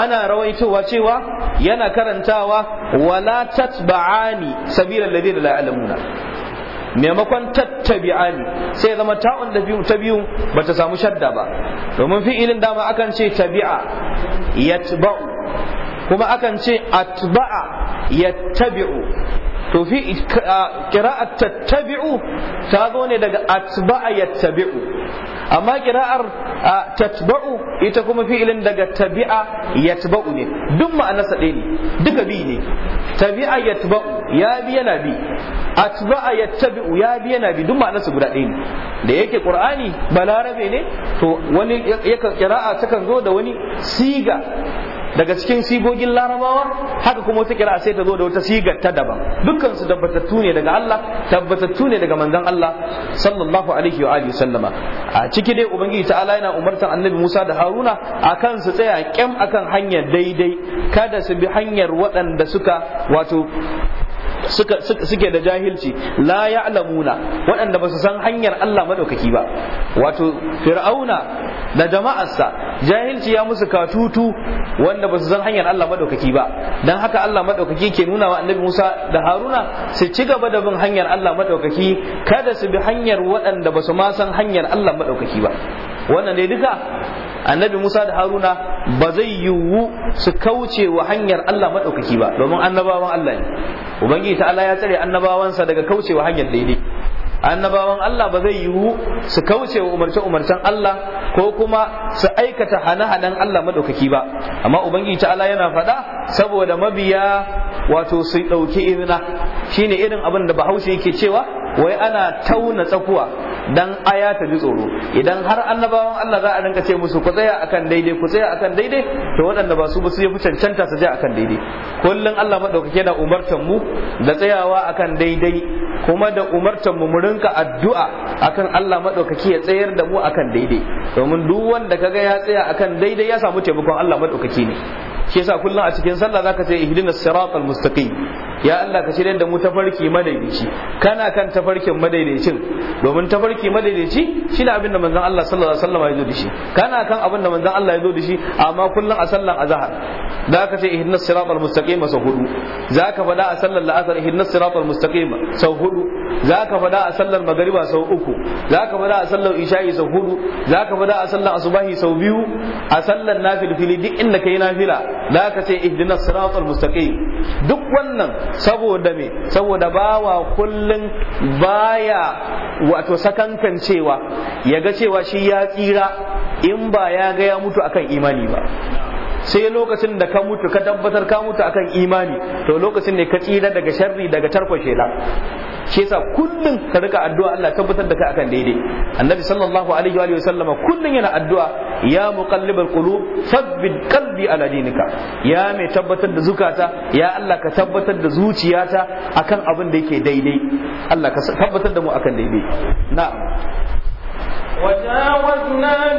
ana rawaitowa cewa yana karantawa wala tatba'ani sabila alladhina la ya'lamuna maimakon tattabi'ani sai ya zama ta'un da biyu ta biyu bata samu shadda ba domin fi'ilin dama akan ce tabi'a yatba'u kuma akan ce atba'a yattabi'u to fi qira'at tattabi'u ta zo ne daga atba'a yattabi'u amma kira'ar tatba'u ita kuma fi'ilin daga tabi'a yatba'u ne duk ma'anarsa ɗaya ne duka bi ne tabi'a yatba'u ya bi yana bi atba'a yattabi'u ya bi yana bi duk ma'anarsa guda ɗaya ne da yake qur'ani balarabe ne to wani kira'a takan zo da wani siga daga cikin sigogin larabawa haka kuma wata kira sai ta zo da wata sigar ta daban dukkansu su tabbatattu ne daga Allah tabbatattu ne daga manzon Allah sallallahu alaihi wa alihi sallama a ciki dai ubangiji ta'ala yana umartan annabi Musa da Haruna akan su tsaya kyam akan hanyar daidai kada su bi hanyar waɗanda suka wato suke da jahilci la ya'lamuna waɗanda ba su san hanyar Allah maɗaukaki ba wato fir'auna da jama'arsa jahilci ya musu katutu wanda ba su san hanyar Allah maɗaukaki ba dan haka Allah maɗaukaki ke nuna wa annabi Musa da Haruna su ci gaba da bin hanyar Allah maɗaukaki. kada su bi hanyar waɗanda ba su ma san hanyar Allah maɗaukaki ba wannan dai duka annabi Musa da Haruna ba zai yiwu su kauce wa hanyar Allah maɗaukaki ba domin annabawan Allah ne ubangiji ta Allah ya tsare annabawansa daga kauce wa hanyar daidai annabawan Allah ba zai yiwu su kauce wa umarce-umarcen Allah ko kuma su aikata hane-hanen Allah madaukaki ba amma ubangiji ta Allah yana faɗa saboda mabiya wato su ɗauki irina shine irin abin da bahaushe yake cewa wai ana tauna tsakuwa dan aya ta ji tsoro idan har annabawan Allah za a rinka ce musu ku tsaya akan daidai ku tsaya akan daidai to waɗanda ba su ba su fi cancanta su je akan daidai kullum Allah madaukake na umartan mu da tsayawa akan daidai kuma da umartan mu mu rinka addu'a akan Allah madaukake ya tsayar da mu akan daidai domin duk wanda kaga ya tsaya akan daidai ya samu taimakon Allah madaukake ne shi yasa kullum a cikin sallah zaka ce ihdinas siratal mustaqim ya Allah ka shirya da mu tafarki madaidaici kana kan tafarkin madaidaicin domin tafarki madaidaici shine abin da manzon Allah sallallahu alaihi wasallam ya zo da shi kana kan abin da manzon Allah ya zo da shi amma kullun a sallan azhar da ka ce ihdinas siratal mustaqim sau hudu zaka faɗa a sallar la'asar ihdinas siratal mustaqim sau hudu zaka faɗa a sallar magariba sau uku zaka faɗa a sallar isha'i sau hudu zaka faɗa a sallar asubahi sau biyu a sallar nafil fili duk inda kai nafila da ka ce ihdinas siratal mustaqim duk wannan saboda me saboda bawa kullun baya wato sakankan cewa ya ga cewa shi ya tsira in ba ya ga ya mutu akan imani ba sai lokacin da ka mutu ka tabbatar ka mutu akan imani to lokacin ne ka tsira daga sharri daga tarkwashe la shi yasa kullun ka rika addu'a Allah tabbatar da kai akan daidai annabi sallallahu alaihi wa sallama kullun yana addu'a ya muqallibal qulub sabbin qalbi ala dinika ya mai tabbatar da zukata ya Allah ka tabbatar da zuciyata akan abin da yake daidai Allah ka tabbatar da mu akan daidai na'am وجاوزنا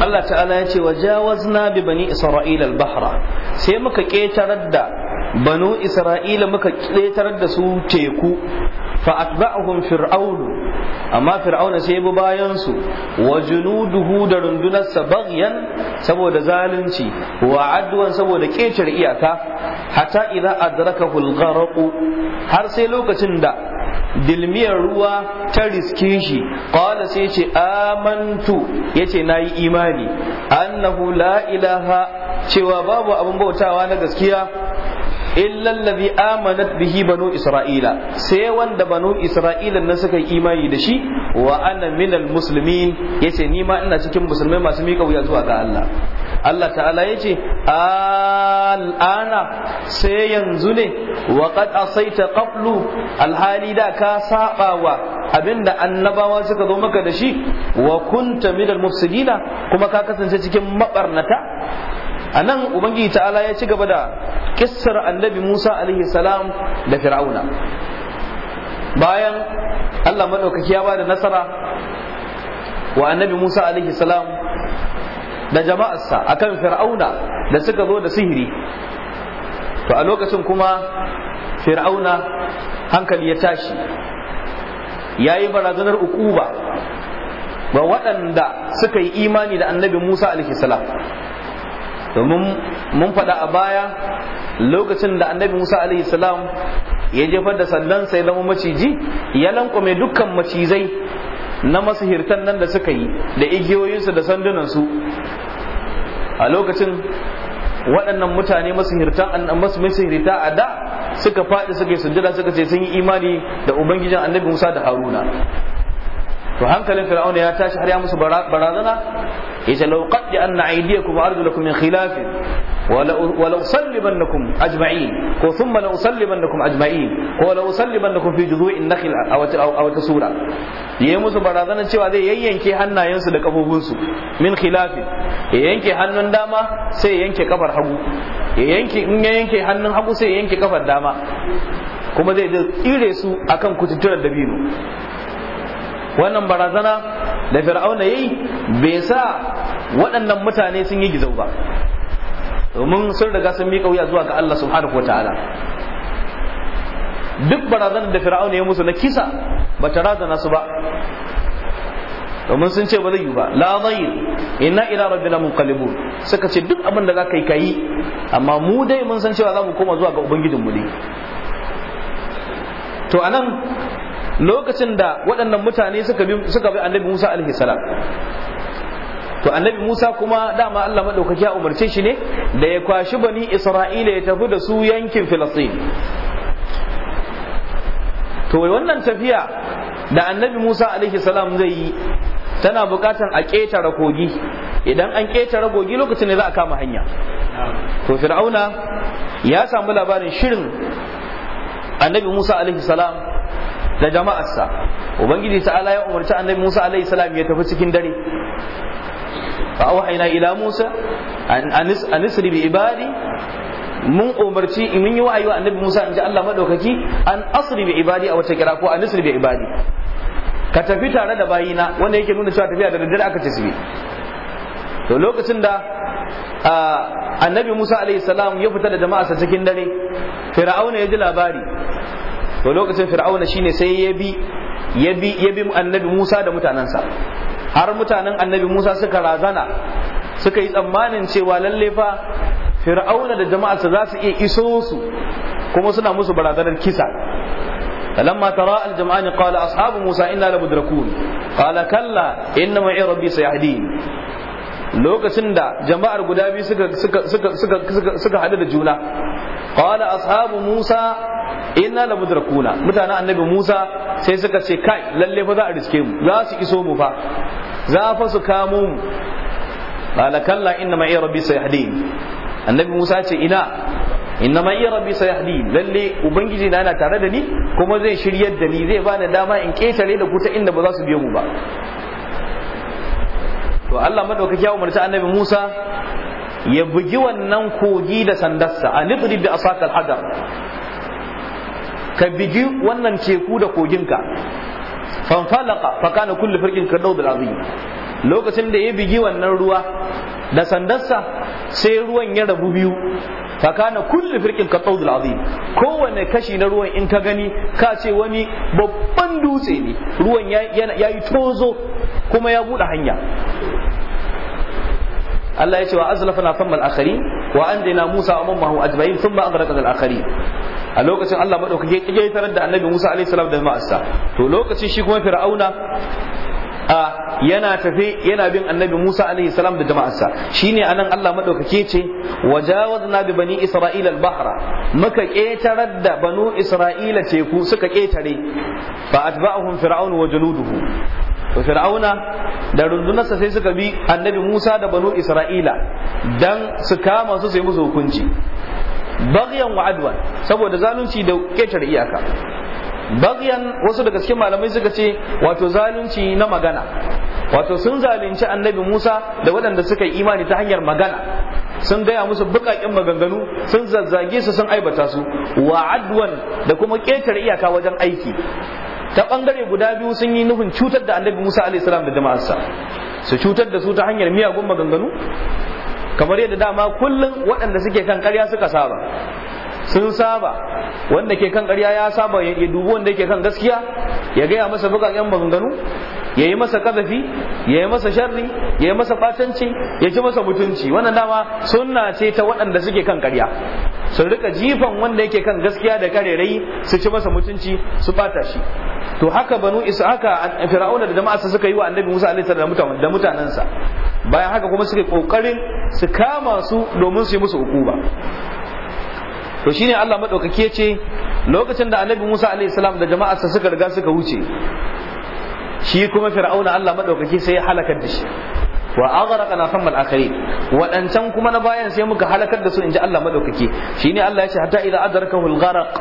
Allah ta'ala ya ce wa jawazna bi bani isra'ila al-bahra sai muka ketar da banu isra'ila muka ketar da su teku fa atba'ahum Fir'aunu amma fir'auna sai ya bayan su wa da rundunar sa saboda zalunci wa adwan saboda ketar iyaka hatta idza adrakahu al-gharq har sai lokacin da dilmiyar ruwa ta riske shi qala sai ce amantu yace nayi imani annahu la ilaha cewa babu abin bautawa na gaskiya in lallabi amanat bihi banu isra'ila sai wanda banu isra'ila na suka yi imani da shi wa ana minal muslimin yace ni ma ina cikin musulmai masu miƙa wuya zuwa ga Allah Allah ta'ala ya ce al'ana sai yanzu ne wa qad asaita alhali da ka saba wa abinda annabawa suka zo maka da shi wa kunta minal mufsidina kuma ka kasance cikin maɓarnata. a nan ubangiji ta'ala ya ci gaba da kissar annabi musa alaihi salam da fir'auna bayan allah maɗaukaki ya ba da nasara wa annabi musa alaihi salam da jama'arsa akan fir'auna da suka zo da sihiri to a lokacin kuma fir'auna hankali ya tashi ya yi barazanar ukuba ba waɗanda suka yi imani da annabi musa alaihissalam domin mun faɗa a baya lokacin da annabi musa alaihissalam ya jefar da sandansa ya zama maciji ya lankwame dukkan macizai na masihirtan nan da suka yi da igiyoyinsu da sandunansu a lokacin waɗannan mutane masihirta a da suka faɗi suka yi sujjada suka ce sun yi imani da ubangijin annabi musa da haruna to hankalin fir'auna ya tashi har ya musu barazana yace law qad anna aydiyakum wa arjulakum min khilaf wa la usallibannakum ajma'in ko thumma la usallibannakum ajma'in ko la usallibannakum fi juzu'in nakhil aw aw tasura yayi musu barazana cewa zai yayyanke hannayensu da kafofinsu min khilaf ya yanke hannun dama sai ya yanke kafar hagu ya yanke in ya yanke hannun hagu sai ya yanke kafar dama kuma zai tsire su akan kututturar dabino wannan barazana da fir'auna yi bai sa waɗannan mutane sun yi gizau ba domin sun riga sun miƙa wuya zuwa ga Allah subhanahu wa ta'ala duk barazana da fir'auna ya musu na kisa ba ta razana su ba domin sun ce ba zai yi ba la zayir inna ila rabbina munqalibun suka ce duk abin da zaka yi kayi amma mu dai mun san cewa za mu koma zuwa ga ubangijin mu ne to anan lokacin da waɗannan mutane suka bi annabi Musa alaihi salam to annabi Musa kuma dama Allah maɗaukaki ya umarce shi ne da ya kwashi bani Isra'ila ya tafi da su yankin Filistin to wannan tafiya da annabi Musa alaihi salam zai yi tana buƙatar a ƙetare kogi idan an ƙetare kogi lokacin ne za a kama hanya to fir'auna ya samu labarin shirin annabi Musa alaihi salam da jama'arsa ubangiji ta'ala ya umarci annabi Musa alaihi salam ya tafi cikin dare fa auhayna ila Musa an isri bi ibadi mun umarci mun yi wa'ayi wa annabi Musa in ji Allah madaukaki an asri bi ibadi a wata kira ko an bi ibadi ka tafi tare da bayina wanda yake nuna cewa tafiya da daddare aka tasbi to lokacin da annabi Musa alaihi salam ya fita da jama'arsa cikin dare fir'auna ya ji labari to lokacin fir'auna shine sai ya bi ya bi ya bi annabi Musa da mutanansa har mutanen annabi Musa suka razana suka yi tsammanin cewa lalle fa fir'auna da jama'arsa za su iya iso su kuma suna musu barazanar kisa فلما تراءى الجمعان قال أصحاب موسى إنا لمدركون قال كلا إن معي ربي سيهدين lokacin da jama'ar guda biyu suka haɗu da juna qala ashabu musa inna la mudrakuna mutanen annabi Musa sai suka ce kai lalle fa za a riske mu za su iso mu fa za fa su kamo mu qala kalla inna ma rabbi sayahdin annabi Musa ce ina inna ma rabbi sayahdin lalle ubangiji na yana tare da ni kuma zai shiryar da ni zai bani dama in ketare da kuta inda ba za su biya mu ba to Allah madaukaki ya umarci annabi Musa ya bugi wannan kogi da sandarsa a nidrib bi asaqal hadar ka bigi wannan teku da koginka fanfalaka fa kana kullu firqin da azim lokacin da ya bigi wannan ruwa da sandarsa sai ruwan ya rabu biyu fa kana kullu firqin da azim kowanne kashi na ruwan in ka gani ka ce wani babban dutse ne ruwan ya yi tozo kuma ya buɗe hanya Allah ya ce wa azlafna thamma al-akhari wa anjayna Musa wa mahu ajma'in thumma aghraqna al-akhari a lokacin Allah madaukake ya tarar da Annabi Musa alaihi salam da jama'arsa to lokacin shi kuma Fir'auna yana tafe yana bin annabi Musa alaihi salam da jama'arsa shine anan Allah madaukake ce wajawazna bi bani isra'ila al-bahra muka ketarar da banu isra'ila teku suka ketare fa atba'ahum fir'aun wa junuduhu to fir'auna da rundunarsa sai suka bi annabi Musa da banu Isra'ila dan su kama su sai musu hukunci baryan wa adwan saboda zalunci da ketare iyaka bagyan wasu daga cikin malamai suka ce wato zalunci na magana wato sun zalunci annabi Musa da waɗanda suka yi imani ta hanyar magana sun gaya musu bukakin maganganu sun zazzage su sun aibata su wa adwan da kuma ƙetare iyaka wajen aiki ta bangare guda biyu sun yi nufin cutar da annabi Musa alaihi salam da jama'arsa su cutar da su ta hanyar miyagun maganganu kamar yadda dama kullum waɗanda suke kan ƙarya suka saba sun saba wanda ke kan ƙarya ya saba ya dubi wanda ke kan gaskiya ya gaya masa bukaken maganganu ya yi masa kazafi ya yi masa sharri ya yi masa ɓatanci ya ci masa mutunci wannan dama sunna ce ta waɗanda suke kan ƙarya sun rika jifan wanda yake kan gaskiya da karerai su ci masa mutunci su ɓata shi to haka banu isa haka fir'auna da jama'arsa suka yi wa annabi Musa da mutanansa bayan haka kuma suke kokarin su kama su domin su yi musu hukuma to shine Allah madaukake ce lokacin da annabi Musa alaihi salam da jama'arsa suka riga suka wuce shi kuma fir'auna Allah madaukake sai ya halakar da shi wa aghraqa na sammal akhirin wadancan kuma na bayan sai muka halakar da su inji Allah madaukake shine Allah ya ce hatta idza adrakahu al-gharq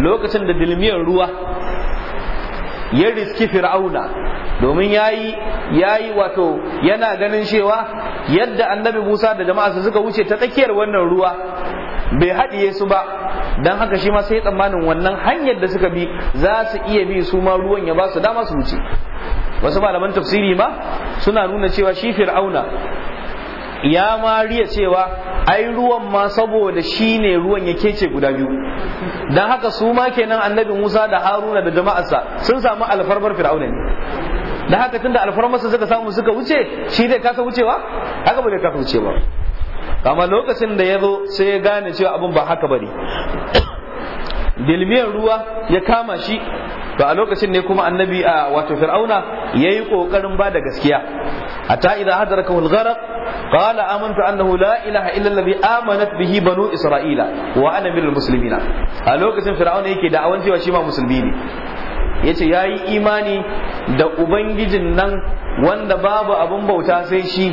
lokacin da dilmiyar ruwa ya riski fir'auna domin yayi yayi wato yana ganin cewa yadda annabi Musa da jama'a su suka wuce ta tsakiyar wannan ruwa bai haɗiye su ba dan haka shi ma sai tsammanin wannan hanyar da suka bi za su iya bi su ma ruwan ya ba su dama su wuce wasu malaman tafsiri ma suna nuna cewa shi fir'auna ya ma riya cewa ai ruwan ma saboda shi ne ruwan ya kece guda biyu don haka su ma kenan annabi musa da haruna da jama'arsa sun samu alfarmar fir'auna ne da haka tunda alfarmarsa suka samu suka wuce shi zai kasa wucewa haka ba zai kasa wucewa amma lokacin da ya zo sai ya gane cewa abin ba haka bane dilmiyar ruwa ya kama shi ba a lokacin ne kuma annabi a wato fir'auna yayi kokarin ba da gaskiya A idza hadar al-gharq قال آمنت أنه لا إله إلا الذي آمنت به بنو إسرائيل وأنا من المسلمين ألوكة فرعون يكي دعوانتي وشيما مسلمين yace ya yi imani da ubangijin nan wanda babu abin bauta sai shi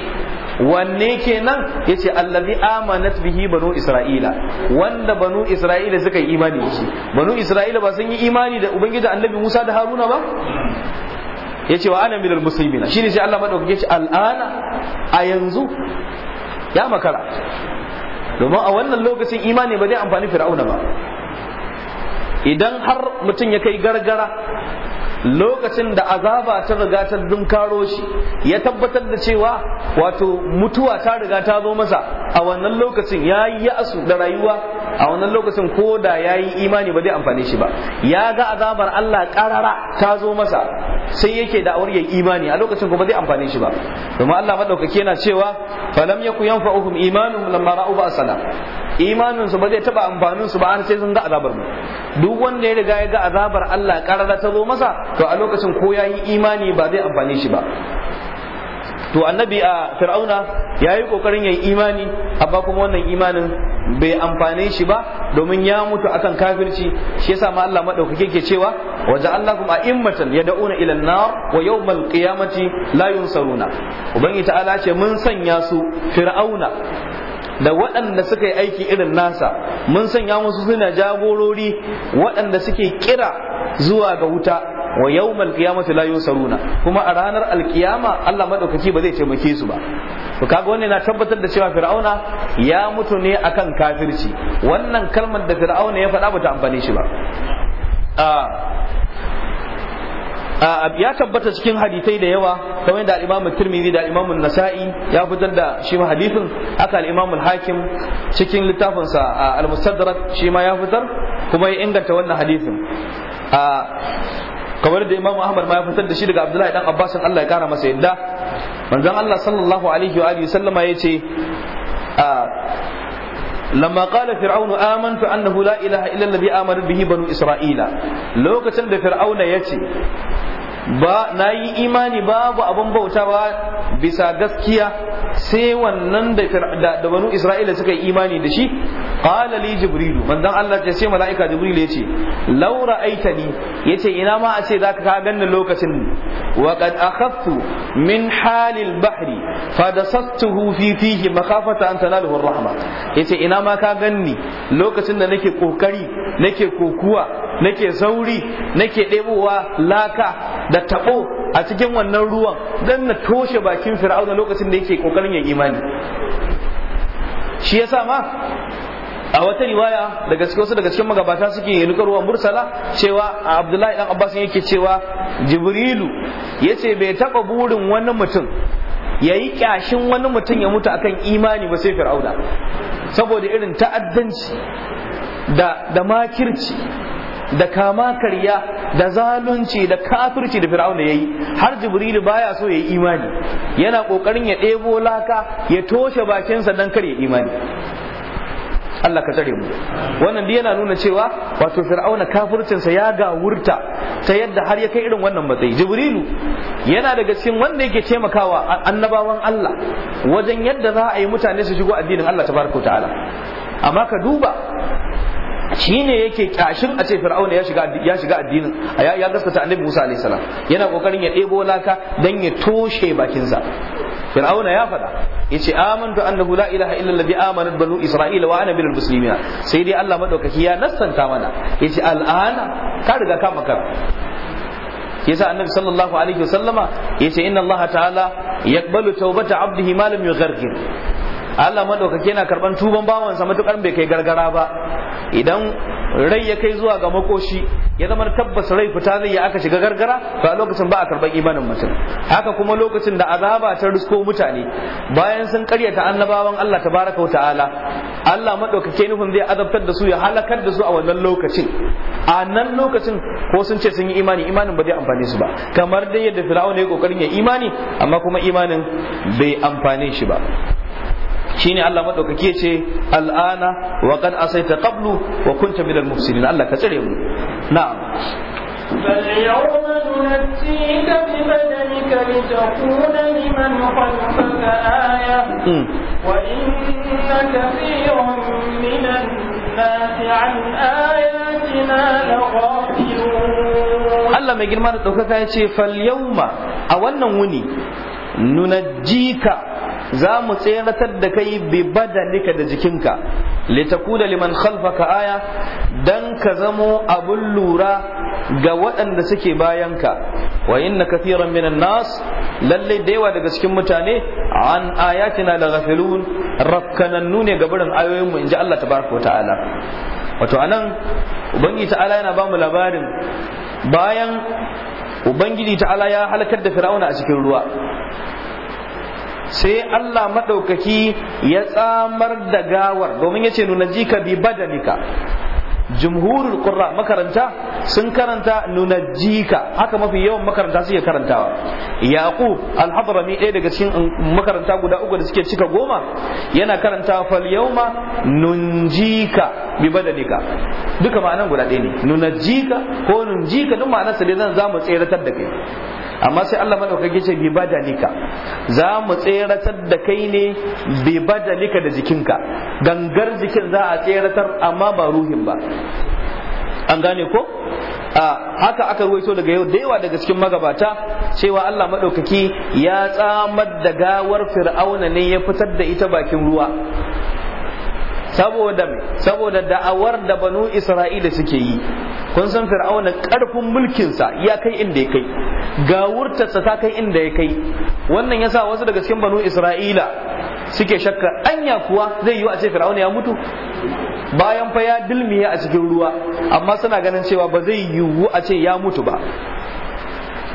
wanne kenan yace allazi amanat bihi banu isra'ila wanda banu isra'ila suka yi imani da shi banu isra'ila ba sun yi imani da ubangiji annabi Musa da Haruna ba ce wa ana musulmina shi shine sai Allah madaukake ce al'ana a yanzu ya makara domin a wannan lokacin imani ba zai amfani fir'auna ba idan har mutum ya kai gargara lokacin da azaba ta riga ta dunkaro shi ya tabbatar da cewa wato mutuwa ta riga ta zo masa a wannan lokacin ya yi ya'asu da rayuwa a wannan lokacin ko da ya yi imani ba zai amfane shi ba ya ga azabar Allah karara ta zo masa sai yake da aure yayi imani a lokacin ko ba zai amfane shi ba domin Allah madaukake yana cewa falam yakun yanfa'uhum imanuhum lamma ra'u ba'sana imanin su ba zai taba amfanin su ba an sai sun ga azabar mu duk wanda ya riga ya ga azabar Allah karara ta zo masa to a lokacin ko yayi imani ba zai amfane shi ba to annabi a fir'auna ya yi kokarin yin imani amma kuma wannan imanin bai amfane shi ba domin ya mutu akan kafirci shi yasa ma Allah madaukake ke cewa wa a a'immatan yad'una ila an-nar wa yawmal qiyamati la yunsaruna ubangi ta'ala ce mun sanya su fir'auna da waɗanda suka yi aiki irin nasa mun sanya musu suna jagorori waɗanda suke kira zuwa ga wuta wa yawmal qiyamati la yusaruna kuma a ranar alkiyama Allah madaukaki ba zai taimake su ba to kaga wannan na tabbatar da cewa fir'auna ya mutu ne akan kafirci wannan kalmar da fir'auna ya faɗa bata amfane shi ba ah, ya tabbata cikin hadisai da yawa kamar da al-Imam Tirmidhi da al-Imam Nasa'i ya fitar da shi ma hadisin aka al-Imam Hakim cikin littafin sa al-Mustadrak shi ma ya fitar kuma ya inganta wannan hadisin kamar da Imam Ahmad ma ya fitar da shi daga Abdullahi dan Abbas Allah ya kara masa yadda manzon Allah sallallahu alaihi wa alihi sallama yace lamma qala fir'aunu amantu annahu la ilaha illa alladhi amanu bihi banu isra'ila lokacin da fir'auna ya ce. ba na yi imani babu abin bauta ba bisa gaskiya sai wannan da da banu isra'ila suka yi imani da shi qala li jibril manzon Allah ya ce malaika jibril ya ce law ra'aitani yace ina ma a ce zaka ka ganni lokacin wa qad akhaftu min halil bahri fadasastuhu fi fihi makhafata an tanaluhu ar-rahma yace ina ma ka ganni lokacin da nake kokari nake kokuwa nake sauri nake ɗebowa laka da tabo a cikin wannan ruwan dan na toshe bakin fir'auna lokacin da yake kokarin yin imani shi yasa ma a wata riwaya daga cikin wasu daga cikin magabata suke yalkarwa mursala cewa a abdullahi dan abbas yake cewa jibrilu yace bai taba burin wani mutum Yayi ƙyashin kyashin wani mutum ya mutu akan imani ba sai fir'auna saboda irin ta'addanci da da makirci da kama karya da zalunci da kafirci da fir'aun da yayi har jibril baya so yayi imani yana kokarin ya ɗebo laka ya toshe bakinsa dan kar ya imani Allah ka tsare mu wannan dai yana nuna cewa wato fir'auna kafircinsa ya gawurta ta yadda har ya kai irin wannan matsayi jibrilu yana daga cikin wanda yake taimakawa annabawan Allah wajen yadda za a yi mutane su shigo addinin Allah tabaraka ta'ala amma ka duba shine yake kyashin a ce fir'auna ya shiga ya shiga addinin ya gaskata annabi Musa alaihi salam yana kokarin ya ɗebo laka dan ya toshe bakinsa fir'auna ya faɗa yace amantu annahu la ilaha illa alladhi amanat banu isra'ila wa ana minal muslimin sai dai Allah madaukaki ya nassanta mana yace al'ana ka riga ka makara yasa annabi sallallahu alaihi wasallama yace inna Allah ta'ala yaqbalu tawbata abdihi ma lam yughargir Allah madaukake yana karban tuban sa matukar bai kai gargara ba idan rai ya kai zuwa ga makoshi ya zama tabbas rai fita zai aka shiga gargara ba lokacin ba a karban imanin mutum haka kuma lokacin da azaba ta rusko mutane bayan sun karyata annabawan Allah tabaraka ta'ala Allah madaukake nufin zai azabtar da su ya halakar da su a wannan lokacin a nan lokacin ko sun ce sun yi imani imanin ba zai amfane su ba kamar dai yadda fir'auna ya kokarin ya imani amma kuma imanin bai amfane shi ba shine Allah madaukaki ya ce al'ana wa qad asaita qablu wa kunta minal mufsidin Allah ka tsare mu na'am فاليوم ننسيك ببدنك لتكون لمن خلفك آية وإن كثيرا من الناس عن آياتنا لغافلون الله ما يجرمان الدكاكا يقول فاليوم أولا وني nunajjika za mu tseratar da kai bi badanika da jikinka litakuna liman khalfaka aya dan ka zamo abun lura ga waɗanda suke bayanka wa inna kathiran minan nas lalle da yawa daga cikin mutane an ayatina la ghafilun rakkanannu ne ga barin ayoyin mu inji Allah tabaraka ta'ala wato anan ubangiji ta'ala yana ba mu labarin bayan ubangiji ta'ala ya halakar da fir'auna a cikin ruwa sai Allah maɗaukaki ya tsamar da gawar domin ya ce nuna jika bi badanika jumhurul qurra makaranta sun karanta nunajika haka mafi yawan makaranta suke karantawa yaqub al-hadrami ɗaya daga cikin makaranta guda uku da suke cika goma yana karanta fal yawma nunjika bi badalika duka ma'anan guda ɗaya ne nunajika ko nunjika duk ma'anar sa dai zan zamu tseratar da kai amma sai Allah madaukaki ce bi badalika za mu tseratar da kai ne bi badalika da jikinka gangar jikin za a tseratar amma ba ruhin ba an gane ko haka aka ruwaito daga yau da daga cikin magabata cewa Allah maɗaukaki ya tsamar da gawar fir'auna ne ya fitar da ita bakin ruwa saboda saboda da'awar da banu isra'ila suke yi kun san fir'auna karfin mulkinsa ya kai inda ya kai gawurtarsa ta kai inda ya kai wannan yasa wasu daga cikin banu isra'ila suke shakka anya kuwa zai yi a ce fir'auna ya mutu bayan fa ya dilmiya a cikin ruwa amma suna ganin cewa ba zai yiwu a ce ya mutu ba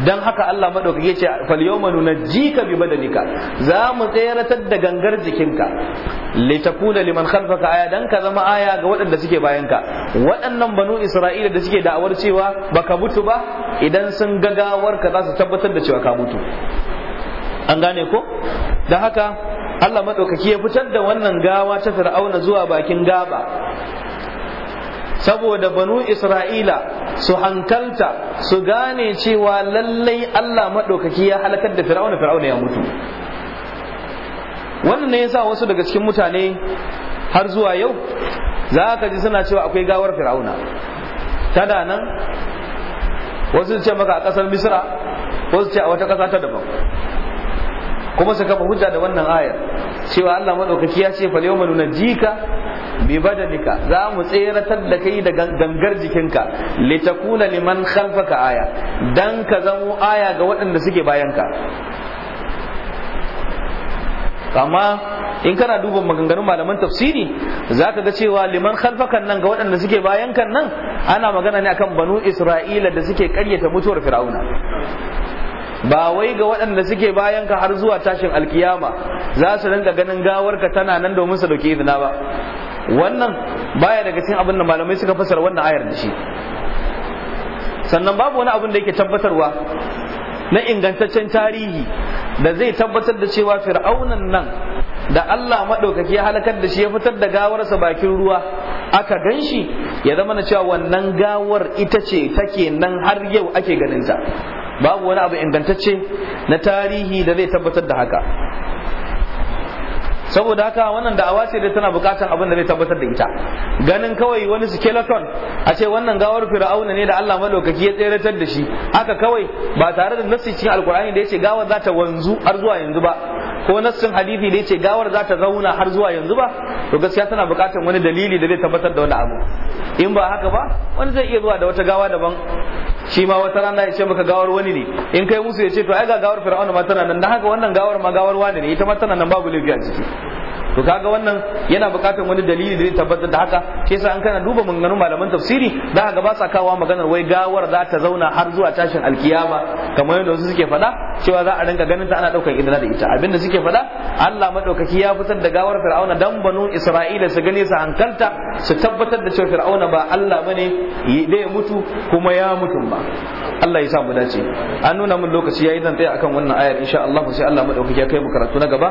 dan haka Allah madaukake ce fal yawma nunajjika bi badanika za mu tsayaratar da gangar jikinka litakuna liman khalfaka aya dan ka zama aya ga waɗanda suke bayanka waɗannan banu Isra'ila da suke da'awar cewa baka mutu ba idan sun gagawar ka za su tabbatar da cewa ka mutu an gane ko dan haka Allah madaukaki ya fitar da wannan gawa ta Fir'auna zuwa bakin gaba saboda banu isra'ila su hankalta su gane cewa lallai Allah maɗaukaki ya halakar da fir'auna fir'auna ya mutu wannan ne yasa wasu daga cikin mutane har zuwa yau za ka ji suna cewa akwai gawar fir'auna tada nan wasu ce maka a kasar misra wasu ce a wata ƙasa ta daban kuma su kafa hujja da wannan ayar cewa Allah madaukaki ya ce fa yawma nunjika bi badanika za mu tseratar da kai da gangar jikinka litakuna liman khalfaka aya dan ka zamo aya ga waɗanda suke bayanka amma in kana duban maganganun malaman tafsiri za ka ga cewa liman khalfakan nan ga waɗanda suke bayan kan nan ana magana ne akan banu isra'ila da suke ƙaryata mutuwar fir'auna ba wai ga waɗanda suke bayan ka har zuwa tashin alkiyama za su rinka ganin gawarka tana nan domin su dauki izina ba wannan baya daga cikin abin da malamai suka fassara wannan ayar da shi sannan babu wani abin da yake tabbatarwa na ingantaccen tarihi da zai tabbatar da cewa fir'aunan nan da Allah maɗaukaki ya halakar da shi ya fitar da gawarsa bakin ruwa aka gan shi ya zama na cewa wannan gawar ita ce take nan har yau ake ganin ta. babu wani abu ingantacce na tarihi da zai tabbatar da haka saboda haka wannan da'awa ce da tana bukatar abin da zai tabbatar da ita ganin kawai wani skeleton a ce wannan gawar fir'auna ne da Allah madaukaki ya tseratar da shi haka kawai ba tare da nassi cikin alkur'ani da yace gawar za ta wanzu har zuwa yanzu ba ko nassin hadisi da yace gawar za ta zauna har zuwa yanzu ba to gaskiya tana bukatar wani dalili da zai tabbatar da wani abu in ba haka ba wani zai iya zuwa da wata gawa daban shi ma wata rana ya ce maka gawar wani ne in kai musu ya ce to ai ga gawar fir'auna ma tana nan dan haka wannan gawar ma gawar wani ne ita ma tana nan babu lafiya a ciki to kaga wannan yana bukatar wani dalili da zai tabbatar da haka shi yasa an kana duba maganganun malaman tafsiri da ga ba sa kawo maganar wai gawar za ta zauna har zuwa tashin alkiyama kamar yadda wasu suke fada cewa za a rinka ganin ta ana ɗaukar idana da ita abinda suke fada Allah madaukaki ya fitar da gawar fir'auna dan banu isra'ila su gane su hankalta su tabbatar da cewa fir'auna ba Allah bane da ya mutu kuma ya mutu ba Allah ya sa mu dace an nuna mun lokaci yayi zan tsaya akan wannan ayar insha Allah sai Allah madaukaki ya kai mu karatu na gaba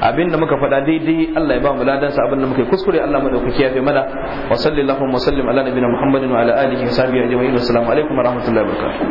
abinda muka faɗa daidai daidai Allah ya ba mu ladan sa abin da muka kuskure Allah madaukaki ya fi mana wa sallallahu wa sallim ala nabiyina muhammadin wa ala alihi wa sahbihi ajma'in assalamu alaikum wa rahmatullahi wa barakatuh